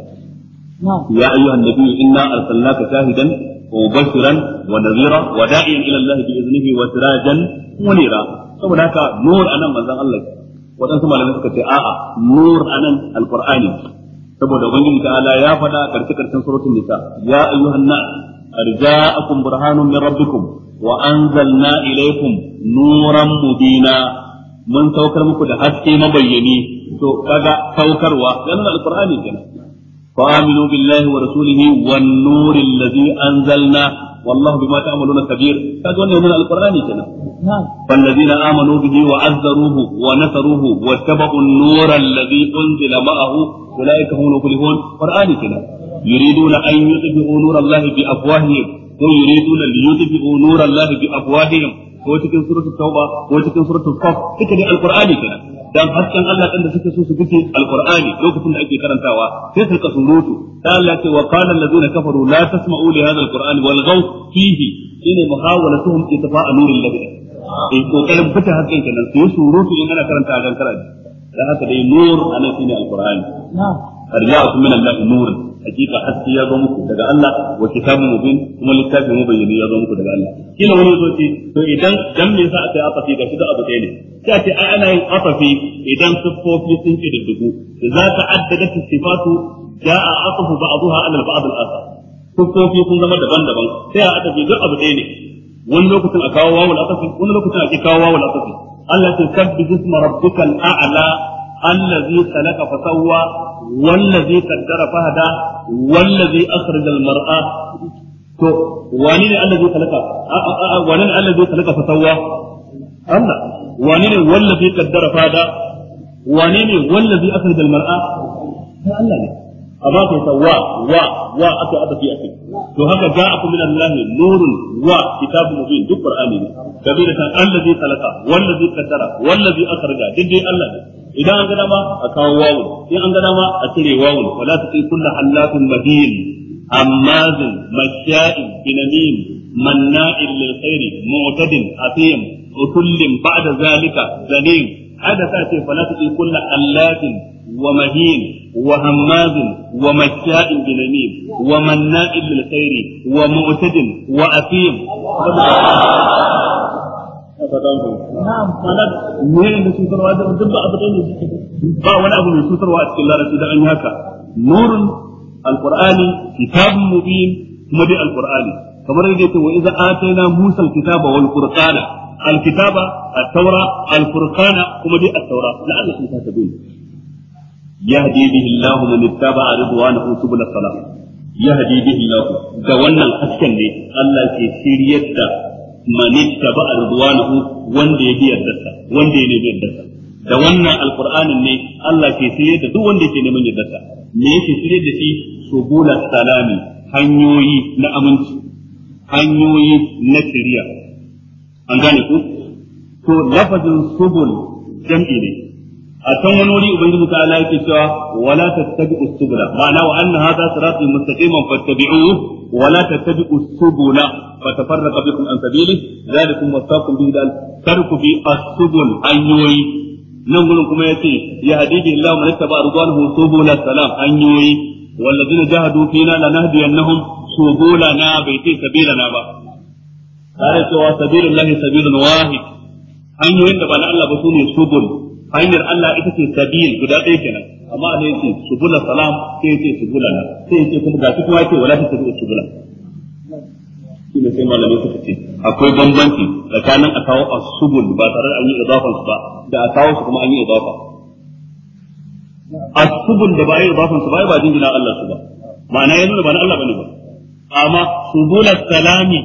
ya ayyuha nabi inna arsalnaka shahidan da'iyan ila Allah bi iznihi wa sirajan munira saboda haka nur anan manzon Allah wadansu malamai suka ce a'a nur anan alqur'ani saboda ubangiji ta'ala ya faɗa a karshe karshen suratul nisa ya ayyuhan nas arja'akum burhanun min rabbikum wa anzalna ilaykum nuran mubina mun saukar muku da haske mabayyani to kaga saukarwa dan alqur'ani kenan fa aminu billahi wa rasulihi wan nuril ladzi anzalna والله بما تعملون خبير كذلك من القرآن كنا فالذين آمنوا به وعذروه ونصروه واتبعوا النور الذي أنزل معه ulaika humul muflihun qur'ani kenan yuriduna an yutfi'u nurallahi bi afwahihim ko yuriduna li yutfi'u nurallahi bi afwahihim ko cikin suratul tauba ko cikin suratul dan hasken Allah din da suke so su fice alqur'ani lokacin da ake karantawa sai su kasu rutu dan Allah ce wa qala allazina kafaru la tasma'u li hadha alqur'an wal ghaw fihi ina muhawalatuhum itfa'a nuril ladina in kokarin fita hasken kenan su surutu in ana karanta a kan karanta da haka dai nur anan shine alqur'ani arja'akum min Allah nur hakika haske ya zo muku daga Allah wa kitabun mubin kuma littafin mubayyani ya zo muku daga Allah kila wani zo ce to idan dan me yasa aka yi afafi ga shi abu ɗaya ne sai ce ai ana yin afafi idan siffofi sun ce diddigu za ta addada sifatu a afafu ba'daha ala al-ba'd al-akhar siffofi sun zama daban-daban sai a afafi duk abu ɗaya ne wani lokacin a kawo wawul afafi wani lokacin a kawo wawul afafi Allah ce sabbi jisma rabbikal a'la allazi khalaqa fa wallazi qaddara fa wallazi akhrijal mar'a to wani ne allazi khalaqa wani ne allazi khalaqa fa Allah wani ne wallazi qaddara fa wani ne wallazi mar'a Allah ne sawwa wa wa aka to haka za a min Allah nurun wa kitabu mubin duk qur'ani ne kabira ta allazi khalaqa wallazi qaddara wallazi akhraja duk dai Allah ne idan an gada ma a kawo wawu in an gada ma a cire wawu wala tuti kullu hallatin madin ammazin masya'in binamin manna'in lil khairi mu'tadin mutullin utullin ba'da zalika zalim hada ta ce fala tuti kullu allatin wa mahin وهماز ومشاء بنميم ومناء للخير ومعتد وأثيم ba wani abu mai sutarwa a cikin larabci da an yi haka nurun alqur'ani kitabun mubin kuma dai alqur'ani kamar yadda yake wa idza atayna musa alkitaba wal qur'ana taura al kuma dai at-taura yahdi bihi Allah man ittaba ridwanahu subul salam yahdi bihi Allah da wannan hasken ne Allah ke shiryar da man ittaba ridwanahu wanda ya bi yardarsa wanda ya nemi yardarsa da wannan alqur'anin ne Allah ke shiryar da duk wanda yake neman yardarsa me yake shiryar da shi subul salami hanyoyi na aminci hanyoyi na shiriya an gane ku to jam'i ne a can wani wuri ubangiji ta ala yake cewa wala tattabi'u subula ma'ana wa anna hadha siratun mustaqiman fattabi'uhu wala tattabi'u subula fatafarraqa bikum an sabili zalikum wasaqum bihi dal tarku bi as-subul hanyoyi nan gurin kuma yace ya hadidi Allah man ittaba ridwanahu subula salam hanyoyi والذين جاهدوا فينا لنهدينهم سبلنا بيتي سبيلنا با قال سبيل الله سبيل واحد hanyoyin da ba na Allah ba su ne subul hanyar Allah ita ce sabiyin guda ɗaya kenan amma ne yace subula salam sai yace subula na sai yace kuma ga shi kuma yace wala ta tabi subula shine sai malamai suka ce akwai bambanci tsakanin a kawo as ba tare da an yi idafan su ba da a kawo su kuma an yi idafa as-subul da ba yi idafan su ba ba jinjina Allah su ba ma'ana yanzu ba na Allah bane ba amma subula salami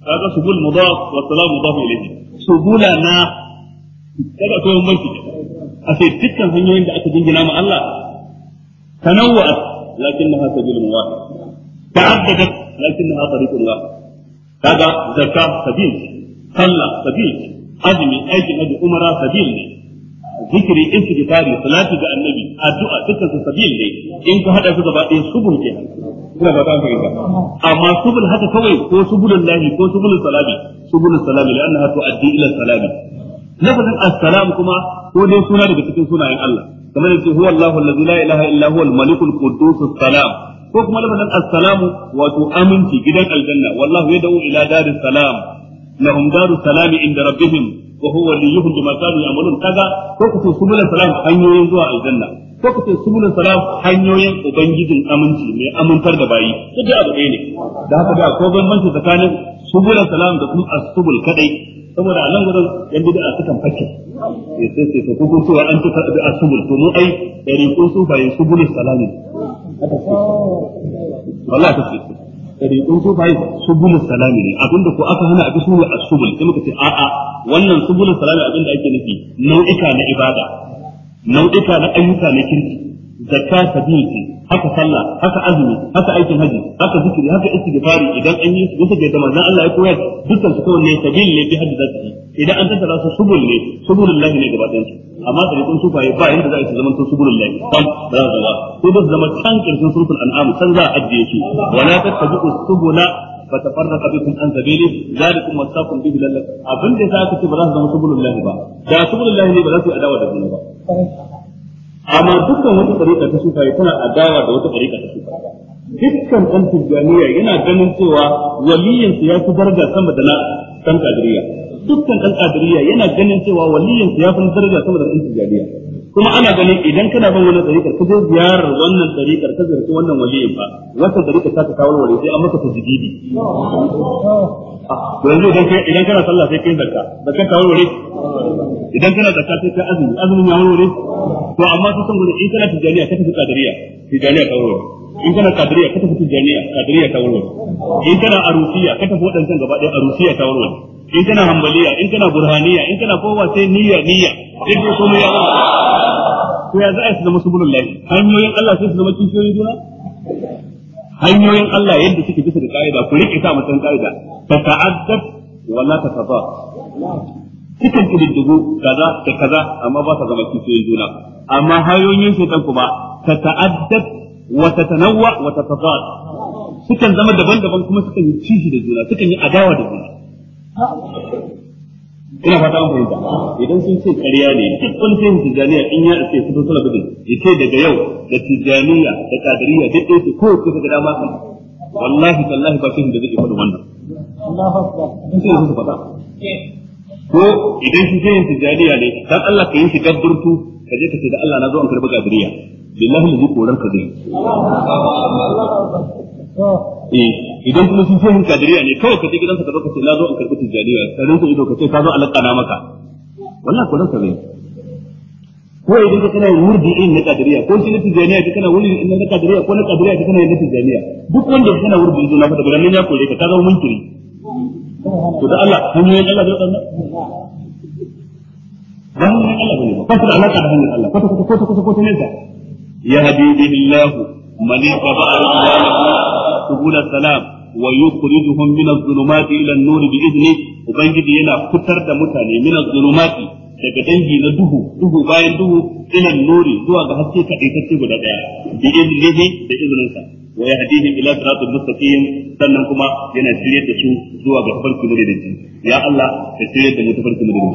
kaga subul mudaf wa salam mudaf ilayhi subula na kaga akwai bambanci a sai dukkan hanyoyin da aka jingina ma Allah tanawwa'at lakinnaha sabilun wahid ta'addadat lakinnaha tariqun wahid kaga zakka sabil sallah sabil aiki aikin hajji umara sabil ne zikiri istighfari salatu ga annabi addu'a dukkan su sabil ne in ka hada su gaba ɗaya subul ke kuma ba ta fahimta amma subul haka kawai ko subulul lahi ko subulul salami subulul salami lanna hatu addi ila salami lafazin assalam kuma ko dai suna daga cikin sunayen Allah kamar yace huwa Allahu allazi la ilaha illa huwa al-malikul qudus salam ko kuma lafazin assalamu wato aminci gidan aljanna wallahu yad'u ila daris salam lahum darus salam inda rabbihim wa huwa liyuhum bima kanu ya'malun kaza ko ku subul salam hanyoyin zuwa aljanna ko ku subul salam hanyoyin ubangijin aminci mai amintar da bayi duk abu ɗaya ne da haka da ko bambanci tsakanin subul salam da kuma as-subul kadai saboda a nan gudun yan bid'a sukan fake ya eh, sai sai ko ko cewa an tuka da asubul to mu ai dari bai su subulus salami wallahi ta ce dari bai su subulus salami ne abinda ko aka hana abi sunu asubul sai muka ce a a wannan subulus salami abinda ake nufi nau'ika na ibada nau'ika na ayyuka na kirki zakka sabiyi haka sallah haka azumi haka aikin haji haka zikiri haka istighfari idan an yi su bisa ga manzon Allah ya koyar dukkan su kawai ne sabil ne bi hadda zati idan an tattara su subul ne subulullahi ne gaba ɗayan amma tariqun sufaye ba yanda za a yi zaman to subulullahi kan ba za ba ko ba zama kan kirkin sulful an'am san za a ajiye shi wala tattabu subula فتفرق بكم an سبيله ذلكم وصاكم به لله abin da za ka ce ba za su zama subulullahi ba da subulullahi ne ba za su yi adawa da ba amma dukkan wata tsarika ta sufaye tana adawa da wata tsarika ta shuka. dukkan ɗan tijjaniya yana ganin cewa waliyinsa ya fi daraja sama da na ɗan kadiriya dukkan ɗan kadiriya yana ganin cewa waliyinsa ya fi daraja sama da ɗan tijjaniya kuma ana ganin idan kana bin wannan tsarikar ka je ziyarar wannan tsarikar ka ziyarci wannan waliyin ba wata tsarikar ta ka kawo wali sai an maka tajjidi to ah, yanzu idan kai idan kana sallah sai kai zakka zakka ta wuri idan kana zakka sai kai azumi azumin ya wuri to amma su san wani in kana tijaniya ka tafi kadiriya tijaniya ta wuri in kana kadiriya ka tafi tijaniya kadiriya ta wuri in kana arusiya ka tafi wadancan gaba ɗaya arusiya ta wuri in kana hambaliya in kana burhaniya in kana kowa sai niyya niyya in ka ko komai ya zama to ya za a zama subulun lahi hanyoyin Allah sai su zama kishiyoyin juna hanyoyin Allah yadda suke bisa da ka'ida ku rike sa mutan ka'ida ta ta'addab wala ta tafa cikin kididdigu kaza da kaza amma ba ta zama kishiyoyin juna amma hanyoyin shaitan kuma ta ta'addab wa ta tanawwa wa ta tafad sukan zama daban-daban kuma sukan yi kishi da juna sukan yi adawa da juna ina fata an fahimta idan sun ce ƙarya ne duk wani sai tijaniya in ya ce su sun gudun ya ce daga yau da tijaniya da kadiriya duk ɗaya su ko su ga dama kan wallahi tallahi ba kin da zai faɗi wannan Allahu akbar su faɗa ko idan shi sai tijaniya ne dan Allah ka yi shi gaddurtu ka je ka ce da Allah na zo an karɓi kadiriya billahi mu koran ka zai idan kuma sun shehin kadiriya ne kawai ka je gidansa ka zo ka ce na zo an karɓi tijjaniya ka rinka ido ka ce ka zo alƙana maka wannan ko ranka zai ko idan ka kana wurdi in na kadiriya ko shi na tijjaniya ka kana wurdi in na kadiriya ko na kadiriya ka kana na tijjaniya duk wanda ka kana wurdi in na fata gudan ya kore ka ka zama munkiri to da Allah hanyoyin Allah zai tsanna dan hanyar Allah ne ba ta alaka da hanyar Allah kwata kwata kwata kwata kwata nesa ya hadibillahu man yaqba al-iman subul salam wa yukhrijuhum min adh-dhulumati ila an-nur bi idni ubangiji yana fitar da mutane min adh daga dangi na duhu duhu bayan duhu ila an-nuri zuwa ga haske kadai kace guda daya bi idnihi da idninsa wa yahdihim ila siratal mustaqim sannan kuma yana shirye da su zuwa ga farkin madadin ya Allah ka shirye da mu ta farkin madadin